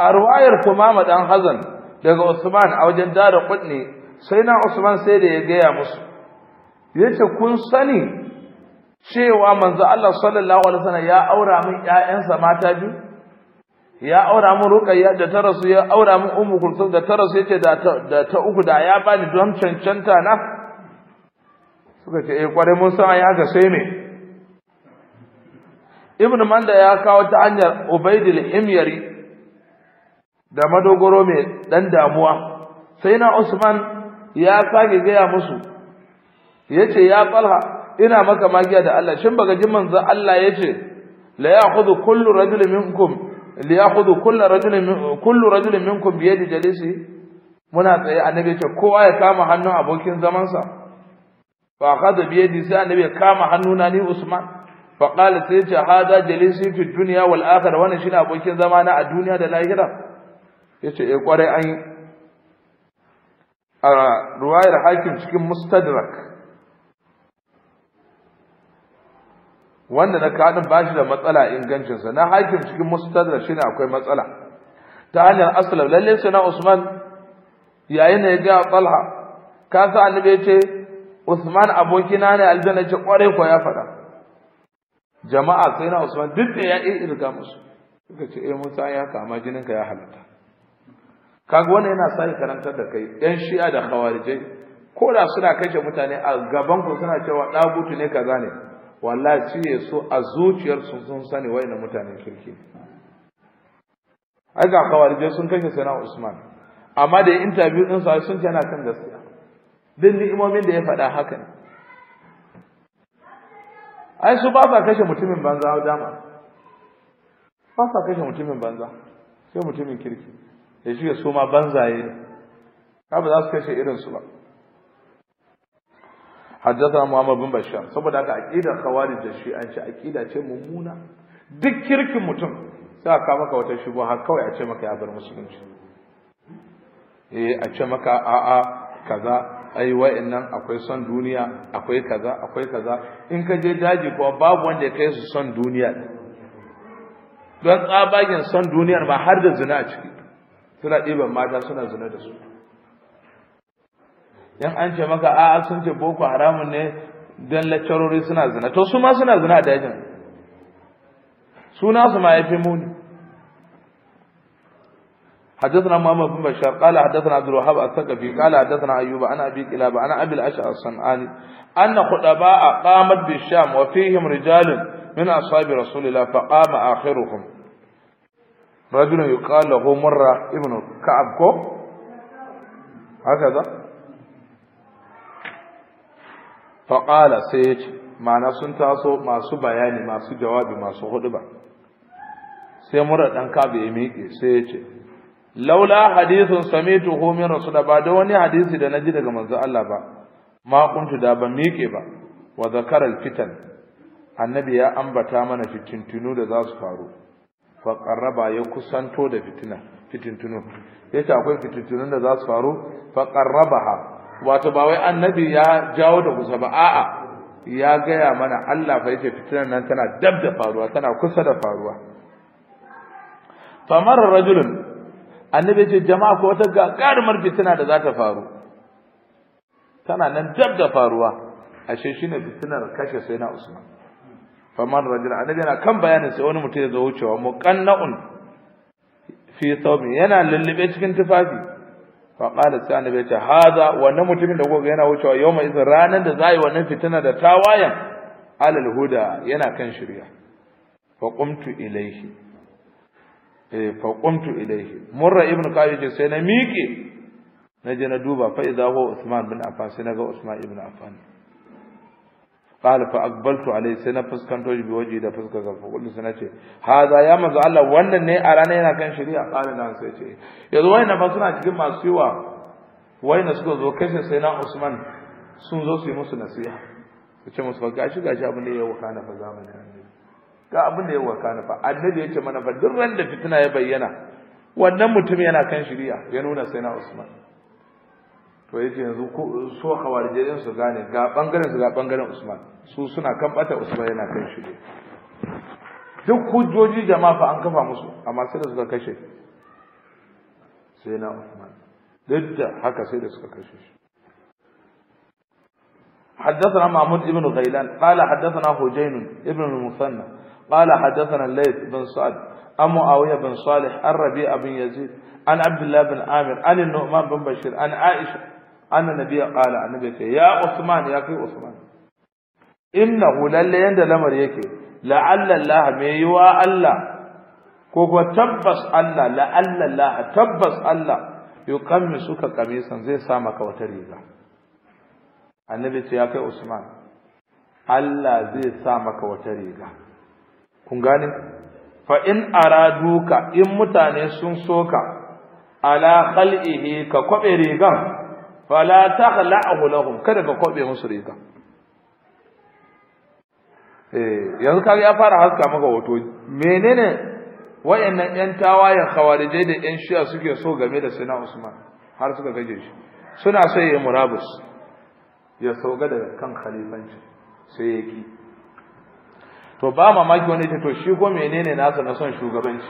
a ruwayar kumama dan hazan daga usman a wajen dara kudni sai na usman sai da ya gaya musu yace kun sani cewa manzo Allah sallallahu alaihi wasallam ya aura min ƴaƴansa mata biyu ya aura min Ruqayya da ta rasu ya aura min Ummu Kulthum da ta rasu yace da da ta uku da ya bani don cancanta na suka ce eh kware mun san ya ga sai me Ibn Manda ya kawo ta hanyar Ubaidil Imyari da madogoro mai dan damuwa sai na Usman ya sake gaya musu yace ya Talha ina maka magiya da Allah shin baka ji manzo Allah yace la ya'khudhu kullu rajulin minkum li ya'khudhu kullu rajulin kullu rajulin minkum bi yadi jalisi muna tsaye annabi yace kowa ya kama hannun abokin zaman sa fa akhadha bi yadi sai annabi ya kama hannuna ni Usman fa qala sai yace hada jalisi fi dunya wal akhirah wannan shine abokin zamana a duniya da lahira yace eh kwarai an ruwayar hakim cikin mustadrak wanda na kaɗin ba shi da matsala ingancinsa na hakim cikin mustadrak shi ne akwai matsala ta hanyar asalam lallai sai na usman yayin da ya ga talha ka sa annabi ya ce usman abokina ne aljanna ce kwarai ko ya faɗa jama'a sai na usman duk da ya iya irga musu suka ce eh musa ya kama ka ya halatta kaga wannan yana sa karantar da kai yan shi'a da khawarijai ko da suna kashe mutane a gaban ku suna cewa dagutu ne kaza ne wallahi ciye su a zuciyarsu sun sani wai na mutanen kirki ai ga kawarje sun kashe sana Usman amma da interview din sa sun ce yana kan gaskiya din ni imomin da ya faɗa haka ne ai su ba sa kashe mutumin banza dama ba sa kashe mutumin banza sai mutumin kirki da shi su ma banzaye ne ba za su kashe irin su ba حدثنا محمد بن بشار saboda haka aqidar khawarij da shi an ce aqida ce mummuna duk kirkin mutum sai aka maka wata shubha kawai a ce maka ya bar musulunci eh a ce maka a'a kaza ai wa'annan akwai son duniya akwai kaza akwai kaza in ka je daji kuwa babu wanda ya kai su son duniya don tsabagen son duniyar ba har da zina a ciki suna ɗiban mata suna zina da su in an ce maka a'a sun ce boko haramun ne don laccarori suna zina to su ma suna zina a dajin suna su ma yafi muni حدثنا محمد بن بشار قال حدثنا عبد الوهاب الثقفي قال حدثنا ايوب عن ابي كلاب عن ابي الاشعث الصنعاني ان خطباء قامت بالشام وفيهم رجال من اصحاب رسول الله فقام اخرهم رجل يقال له مره ابن كعب كو هكذا faƙala sai ya ce ma'ana sun taso masu bayani masu jawabi masu hudu ba sai mura ɗan kabe ya miƙe sai ya ce laula hadithun samitu hu min rasul ba da wani hadisi da na ji daga manzo Allah ba ma kuntu da ban miƙe ba wa fitan. fitan annabi ya ambata mana fitintunu da za su faru fa qarraba ya kusanto da fitina fitintunu yace akwai fitintunun da za su faru fa qarrabaha wato ba wai annabi ya jawo da kusa ba a'a ya gaya mana Allah fa yace fitinan nan tana dab da faruwa tana kusa da faruwa mar rajul annabi yace jama'a ko wata gagarumar fitina da za ta faru tana nan dab da faruwa ashe shine fitinar kashe sai na Usman famar rajul annabi yana kan bayanin sai wani mutum ya zo wucewa muqanna'un fi thawbi yana lullube cikin tufafi fa qala sai annabi ya ce hada wannan mutumin da goga yana wucewa yau mai ranar da zai wannan fitina da tawayan alal huda yana kan shirya fa qumtu ilaihi eh fa ilaihi murra ibnu qayyim sai na miƙe na je na duba fa idza usman bin affan sai na ga usman ibn affan qala fa aqbaltu alayhi sai na fuskanto shi bi da fuska ga fa kullu sai ce haza ya manzo Allah wannan ne a ranar yana kan shari'a qala nan sai ce yanzu na ba suna cikin masu wai na suka zo kashe sai na Usman sun zo su yi musu nasiha su ce musu fa gashi gashi abin da ya na fa zamanin annabi ga abin da ya na fa annabi ya ce mana fa duk ran da fitina ya bayyana wannan mutum yana kan shari'a ya nuna sai na Usman to yace yanzu so hawarjerin su gane ga bangaren su ga bangaren Usman su suna kan bata Usman yana kan shi duk hujjoji jama'a fa an kafa musu amma sai da suka kashe sai na Usman duk da haka sai da suka kashe shi حدثنا محمود بن غيلان قال حدثنا حجين بن المثنى قال حدثنا الليث بن سعد عن معاوية بن صالح الربيع بن يزيد عن عبد الله بن عامر عن النعمان بن بشير عن عائشة anna nabiyya qala annabi ce ya usman ya kai usman innahu lalle yanda lamar yake la'alla allah me yiwa allah ko kuwa tabbas allah la'alla allah tabbas allah yukammi suka kamisan zai sa maka wata riga annabi ce ya kai usman allah zai sa maka wata riga kun gane fa in araduka in mutane sun soka ala khal'ihi ka kwabe rigan fala a lahum kada ka kobe musu riga eh, yanzu kaga ya fara haska maka hoto menene wayannan yan tawayen khawarijai da yan shi'a suke so game da sina usman har suka gaje shi suna so yayi murabus ya sauka daga kan khalifanci sai ya ki to ba mamaki wani ta to shi ko menene nasa na son shugabanci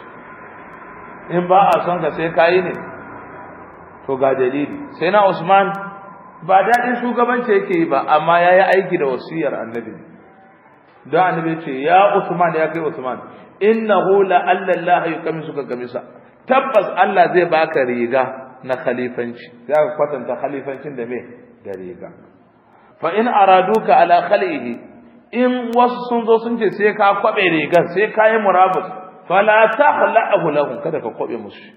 in ba a son ka sai kayi ne to ga dalili sai na Usman ba daɗin shugabanci yake yi ba amma ya yi aiki da wasiyar annabi don annabi ce ya Usman ya kai Usman innahu la allallaha yukammisu ka kamisa tabbas Allah zai baka riga na khalifanci za ka kwatanta khalifancin da me da riga fa in araduka ala khalihi in wasu sun zo sun ce sai ka kwabe rigar sai ka yi murabus fala ta hala'ahu lahum kada ka kwabe musu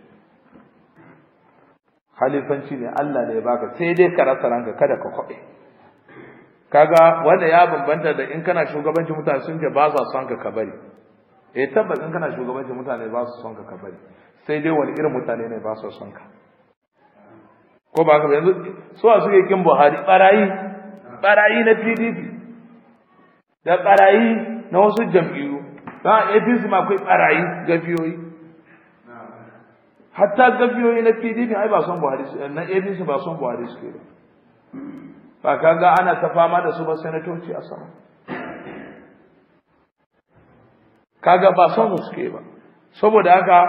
halifanci ne Allah ne ya baka sai dai ka rasa ranka kada ka kwabe kaga wanda ya bambanta da in kana shugabancin mutane sun ce ba sa son ka ka bari eh tabbas in kana shugabancin mutane ba su son ka ka bari sai dai wani irin mutane ne ba su son ka ko ba ka yanzu suwa suke kin Buhari barayi barayi na PDP da barayi na wasu jam'iyyu da APC ma akwai barayi gafiyoyi hatta gabiyoyi na pdp ai ba son buhari na abc ba son buhari suke ba ba ka ga ana ta fama da su ba sanatoci a sama kaga ba son su suke ba saboda haka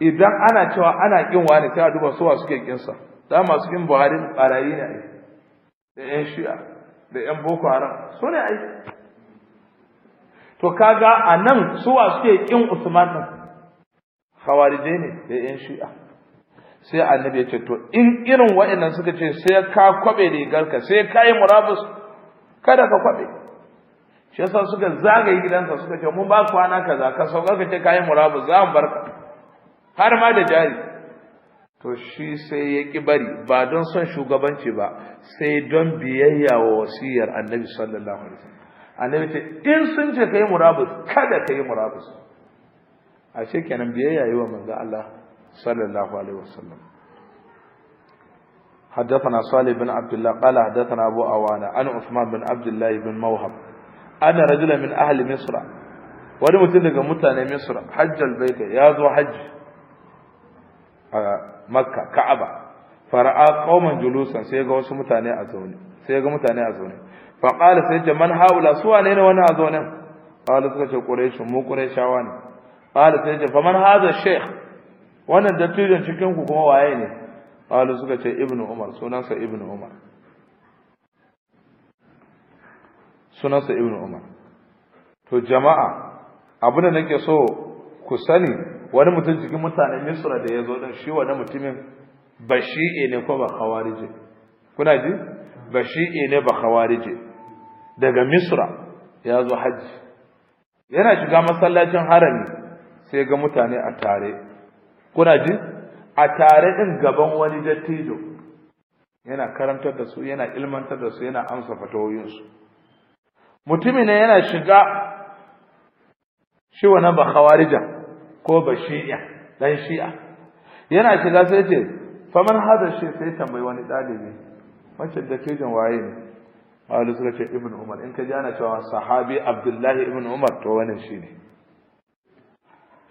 idan ana cewa ana kin wani sai a duba suwa suke kinsa da masu kin buhari barayi ne ai da yan shi'a da yan boko haram su ne ai to kaga a nan suwa suke kin usman kawarije ne da yan shi'a sai annabi ya ce to in irin wa'annan suka ce sai ka kwabe rigarka sai ka yi murabus kada ka kwabe shi yasa suka zagaye gidansa suka ce mun ba kwana kaza ka sauka ka ce ka yi murabus za mu barka har ma da jari to shi sai ya ki bari ba don son shugabanci ba sai don biyayya wa wasiyar annabi sallallahu alaihi wasallam annabi ce in sun ce kai murabus kada kai murabus a kenan biyayya yi wa manzo Allah sallallahu alaihi wasallam حدثنا صالح بن عبد الله قال حدثنا أبو an عن عثمان بن عبد الله بن موهب أنا رجلا من أهل مصر wani mutum daga mutane Misr hajjal baita ya zo hajji a Makka Ka'aba fara'a qauman julusan sai ga wasu mutane a zaune sai ga mutane a zaune fa qala sai ce man haula su wane ne wani a zaune qala suka ce quraish mu qurayshawa ne qala sai ce faman hadha shaykh wannan dattijan cikin ku kuma waye ne qala suka ce ibnu umar sunansa ibnu umar sunansa ibnu umar to jama'a abin da nake so ku sani wani mutum cikin mutanen misra da ya zo din shi wani mutumin bashi'e ne ko ba khawarije kuna ji bashi'e ne ba khawarije daga misra ya zo hajji yana shiga masallacin harami sai ga mutane a tare kuna ji a tare din gaban wani dattijo yana karantar da su yana ilmantar da su yana amsa fatawoyinsu mutumin ne yana shiga shi wannan ba khawarija ko ba shi'a dan shi'a yana shiga sai ce faman hada shi sai tambayi wani dalibi wacce dattijon waye ne Malu suka ce Ibn Umar in ka ji ana cewa sahabi Abdullahi Ibn Umar to wannan shine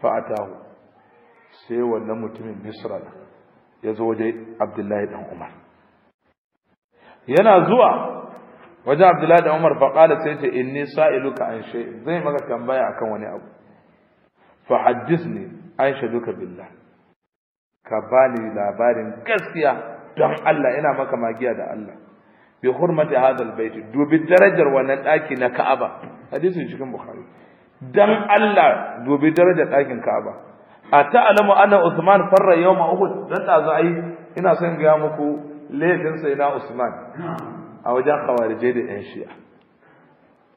fa'atahu sai wannan mutumin misra ya zo waje abdullahi dan umar yana zuwa waje abdullahi dan umar faƙala sai ce inni sa'iluka an shay zai maka tambaya akan wani abu fa haddithni an shaduka billah ka bani labarin gaskiya don Allah ina maka magiya da Allah bi hurmati hadal bait dubi darajar wannan daki na Ka'aba hadisin cikin Bukhari dan Allah gobe daraja ɗakin Ka'aba a ta'lamu anna Usman farra yawma Uhud dan zo ai ina son ga muku laifin sai na Usman a wajen khawarije da yan shi'a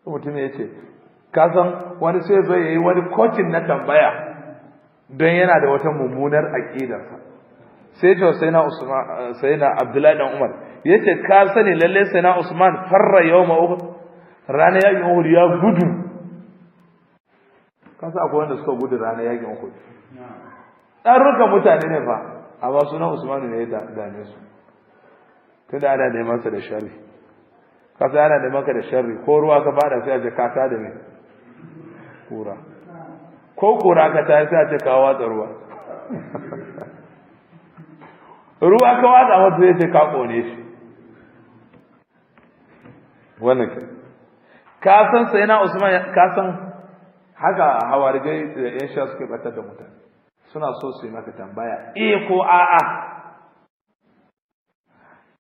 mutum ya ce ka san wani sai zo yayi wani kocin na tambaya don yana da wata mummunar aqidarsa sai to sai na Uthman sai na Abdullahi dan Umar yace ka sani lalle sai na Usman farra yawma Uhud ranar yakin Uhud ya gudu Kasa sa akwai wanda suka gudu ranar yakin uhud ɗarurrukan mutane ne fa ba suna usmanu ne ya dame su tunda ana neman sa da sharri Kasa ana neman ka da sharri ko ruwa ka fada sai a ce kasa da mai kura ko kura ka ta sai a ce ka watsa ruwa ruwa ka watsa wata zai ce ka kone shi wannan ka san sai na usman ka san haka hawargai da yan sha suke batar da mutane suna so su yi maka tambaya e ko a'a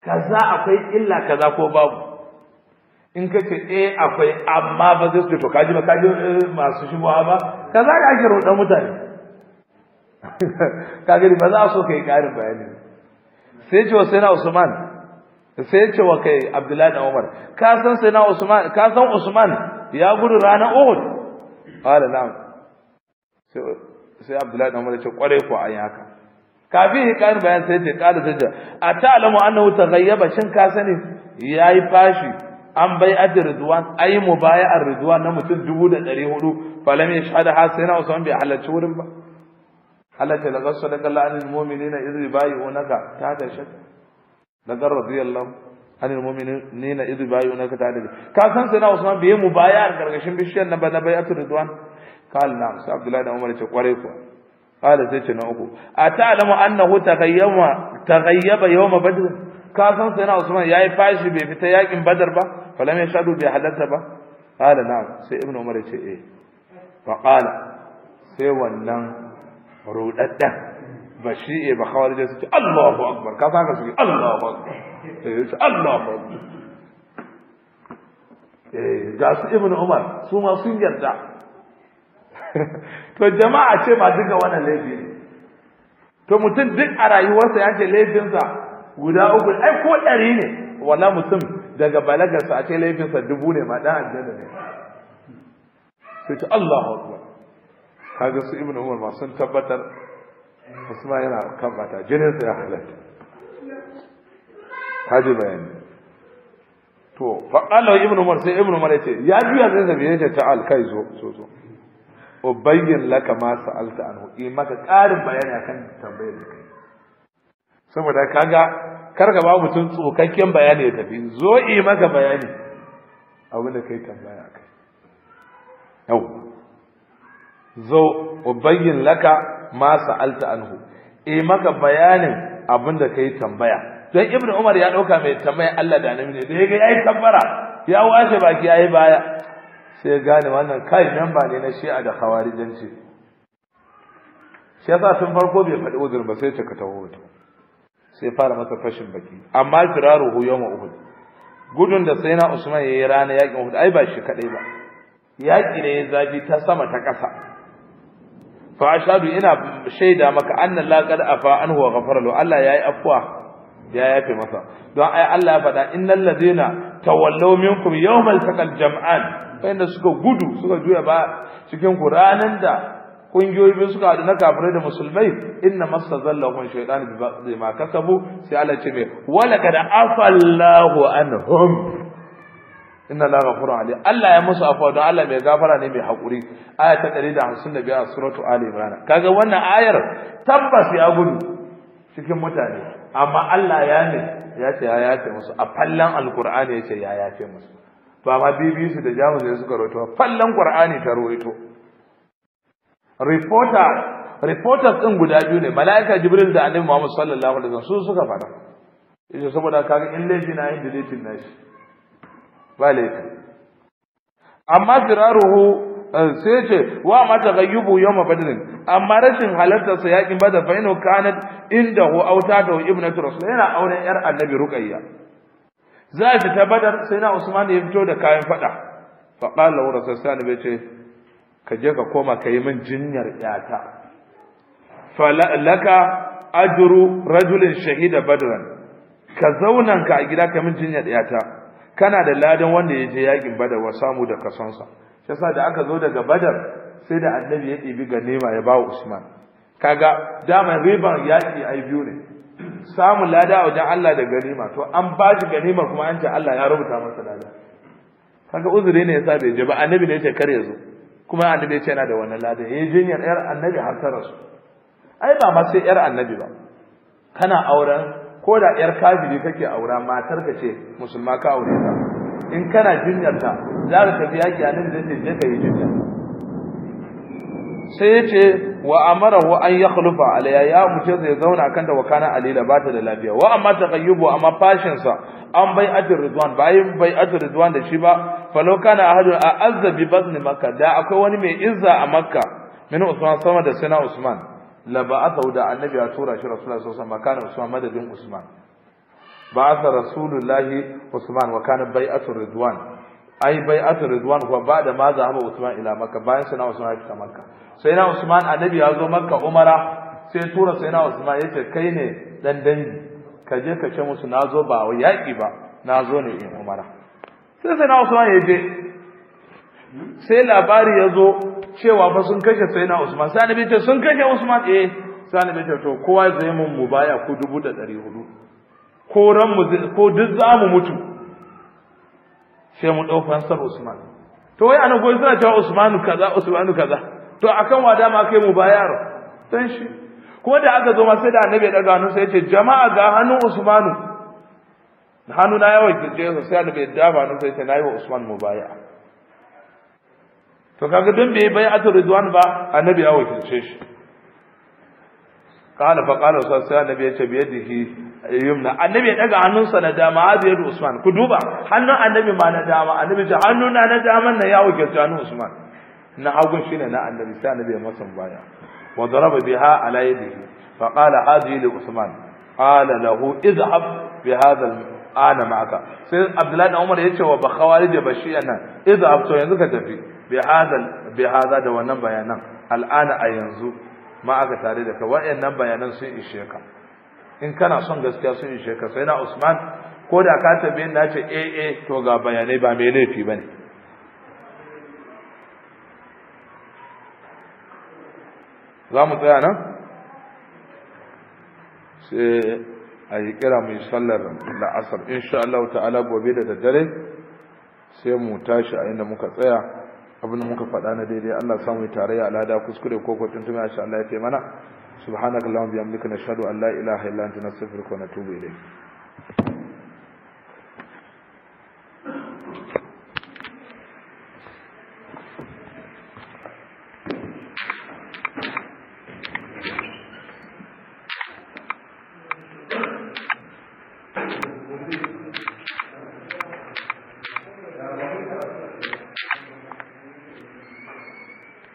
kaza akwai illa kaza ko babu in ka ce e akwai amma ba zai su to kaji ba kaji eh, masu shigowa ba kaza ka ake rodan mutane kaga ba za so ka yi karin bayani sai ce wa sai na Usman sai ce wa kai Abdullahi da Umar ka san sai na Usman ka san Usman ya gudu ranar Uhud qala sai abdullahi dan umar ce kwarai ko an yi haka kafin kayan bayan sai ce qala tajja ata'lamu annahu taghayyaba shin ka sani yayi fashi an bai ajr mu baya a ridwan na mutum 1400 falam yashhada na usman bai halarci wurin ba halaka laqad sadaqa la'anil mu'minina bayi yubayyi'unaka ta da shakka laqad radiyallahu anil mu'minina idh bayunaka ta'ala ka san sai na Usman bai mu baya a gargashin bishiyar nan ba na bai'atul ridwan qala na'am sai Abdullahi da Umar ce kware kuwa qala sai ce na uku A ata'lamu annahu taghayyama taghayyaba yawma badr ka san sai na Usman yayi fashi bai fita yakin badar ba falam yashadu bi halatta ba qala na, sai ibnu Umar ya ce eh fa qala sai wannan rudaddan bashi'e ba khawarije suke Allahu akbar ka saka suke Allahu akbar Eh, Allah eh, ga su ibn umar su ma sun yarda to jama'a ce ba duka wannan laifi ne to mutum duk a rayuwarsa ya ce laifinsa guda uku ai ko ɗari ne wala mutum daga balagarsa a ce laifinsa dubu ne ma ɗan aljanna ne sai ce Allah akbar kaga su ibn umar ma sun tabbatar usman yana kan bata jininsa ya halatta ta ji bayani to faƙalar ibn umar sai ibn umar ya ce ya juya zai zabi yace ta al alkai zo so so o bayyan laka ma sa'alta anhu yi eh, maka ƙarin bayani akan tambayar da kai saboda kaga kar ka ba mutum tsokakken bayani ya tafi zo yi eh, maka bayani abin da kai tambaya akai yau zo o bayyan laka ma sa'alta anhu yi eh, maka bayanin abin da kai tambaya dan ibnu umar ya dauka mai tambayan Allah da namiji ne da yaga yayi tabbara ya wace baki yayi baya sai gane wannan kai namba ne na shi'a da khawarijanci shi yasa sun farko bai faɗi uzurin ba sai cika tawo sai fara masa fashin baki amma hu yawma uhud gudun da sai na usman yayi rana yaki uhud ai ba shi kadai ba yaki ne ya zafi ta sama ta ƙasa fa ashadu ina shaida maka annal la qad afa anhu wa ghafara Allah yayi afwa ya yafe masa don ai Allah ya faɗa innal ladina tawallaw minkum yawmal taqal jam'an da suka gudu suka juya ba cikin ku ranan da kungiyoyi biyu suka haɗu na kafirai da musulmai inna masa zallahun shaitan bi ba'dhi ma kasabu sai Allah ce mai wala kad afallahu anhum inna la ghafuru ali Allah ya musu afwa don Allah mai gafara ne mai hakuri aya ta 155 a suratu ali imran kaga wannan ayar tabbas ya gudu cikin mutane amma Allah ya ne ya ce ya yafe musu a fallan alkur'ani ya ce ya yafe musu to amma BBC da Jamus ne suka rawaito fallan Qur'ani ta rawaito reporter reporters din guda biyu ne malaika Jibril da Annabi Muhammad sallallahu alaihi wasallam su suka fada yace saboda kaga in laifi na yin deleting shi, ba laifi amma firaruhu eh, sai ce wa mata gayyubu yawma badrin amma rashin sa yakin bada fa inu kanat inda hu auta da ibnu rasul yana auren yar annabi ruqayya za ta tabbatar sai na usman ya fito da kayan fada fa qala wa rasul sallallahu alaihi ce ka je ka koma ka yi min jinyar yata fa laka ajru rajulin shahida badran ka zaunan ka a gida ka min jinyar yata kana da ladan wanda ya je yakin badar wa samu da kasansa shi yasa da aka zo daga badar sai da annabi ya ɗibi ganima ya ba wa usman kaga daman riban yaƙi ai biyu ne samun lada a wajen Allah da ganima to an ba shi ganima kuma an ce Allah ya rubuta masa lada kaga uzuri ne ya yasa bai je ba annabi ne ya ce kar zo kuma annabi ce yana da wannan lada yi jinyar yar annabi har ta rasu ai ba ma sai yar annabi ba kana auren ko da yar kafiri kake aura matar ka ce musulma ka aure ta in kana jinyar ta za ka tafi yaki annabi zai ce je ka yi jinyar sai ya ce wa amarahu an ya khulufa alayya ya mutu zai zauna akan da wakana alila ba ta da lafiya wa amma taghayyubu amma fashin sa an bai ajr ridwan bayin bai ajr ridwan da shi ba falau kana ahadun a azza bi bazn makka da akwai wani mai izza a makka min usman sama da sana usman la ba'athu da annabi ya tura shi rasulullahi sallallahu alaihi wasallam usman madadin usman ba'atha rasulullahi usman wa kana bai'atu ridwan ai bai'atu ridwan wa ba'da ma zahaba usman ila makka bayan sana usman ya fita makka sai na usman annabi ya zo makka umara sai tura sai na usman ya ce kai ne dan dangi ka je ka ce musu na zo ba wa yaƙi ba na zo ne in umara sai sai na usman ya je sai labari ya zo cewa fa sun kashe sai na usman sai annabi ce sun kashe usman eh sai annabi ce to kowa zai mun mu baya dubu da ɗari hudu ko ran mu ko duk za mu mutu sai mu ɗau fansar usman to wai ana goyi suna cewa usmanu kaza usmanu kaza to akan wa dama kai mu bayar dan shi kuma da aka zo ma sai da annabi ya daga hannu sai ya ce jama'a ga hannun usmanu hannu na ke je sai annabi ya dafa hannu sai ya ce nayi wa usman mu baya to kaga don bai bai atur ridwan ba annabi ya wakilce shi Kana fa kana sai sai annabi ya ce bi yadihi yumna annabi ya daga hannunsa na dama azu yadu usman ku duba hannun annabi ma na dama annabi ce hannuna na dama na ya wakilce hannun usman na hagun shine na annabi sai annabi ya masa baya wa daraba biha ala yadihi fa qala hadhihi li usman qala lahu idhab bi hadha ana ma'aka sai abdullahi dan umar yace wa bakhawari da bashiya nan idhab to yanzu ka tafi bi hadha bi hadha da wannan bayanan ana a yanzu ma'aka tare da ka wayannan bayanan sun ishe ka in kana son gaskiya sun ishe ka sai na usman ko da ka tabe na ce eh eh to ga bayanai ba mai laifi bane za mu tsaya nan sai a yi kira mu yi sallar la'asar insha Allah ta'ala gobe da daddare sai mu tashi a inda muka tsaya abin muka faɗa na daidai Allah samu tarayya alada kuskure ko tumi a sha Allah ya fi mana subhanakallahumma bihamdika nashhadu an la ilaha illa anta nastaghfiruka wa natubu ilayk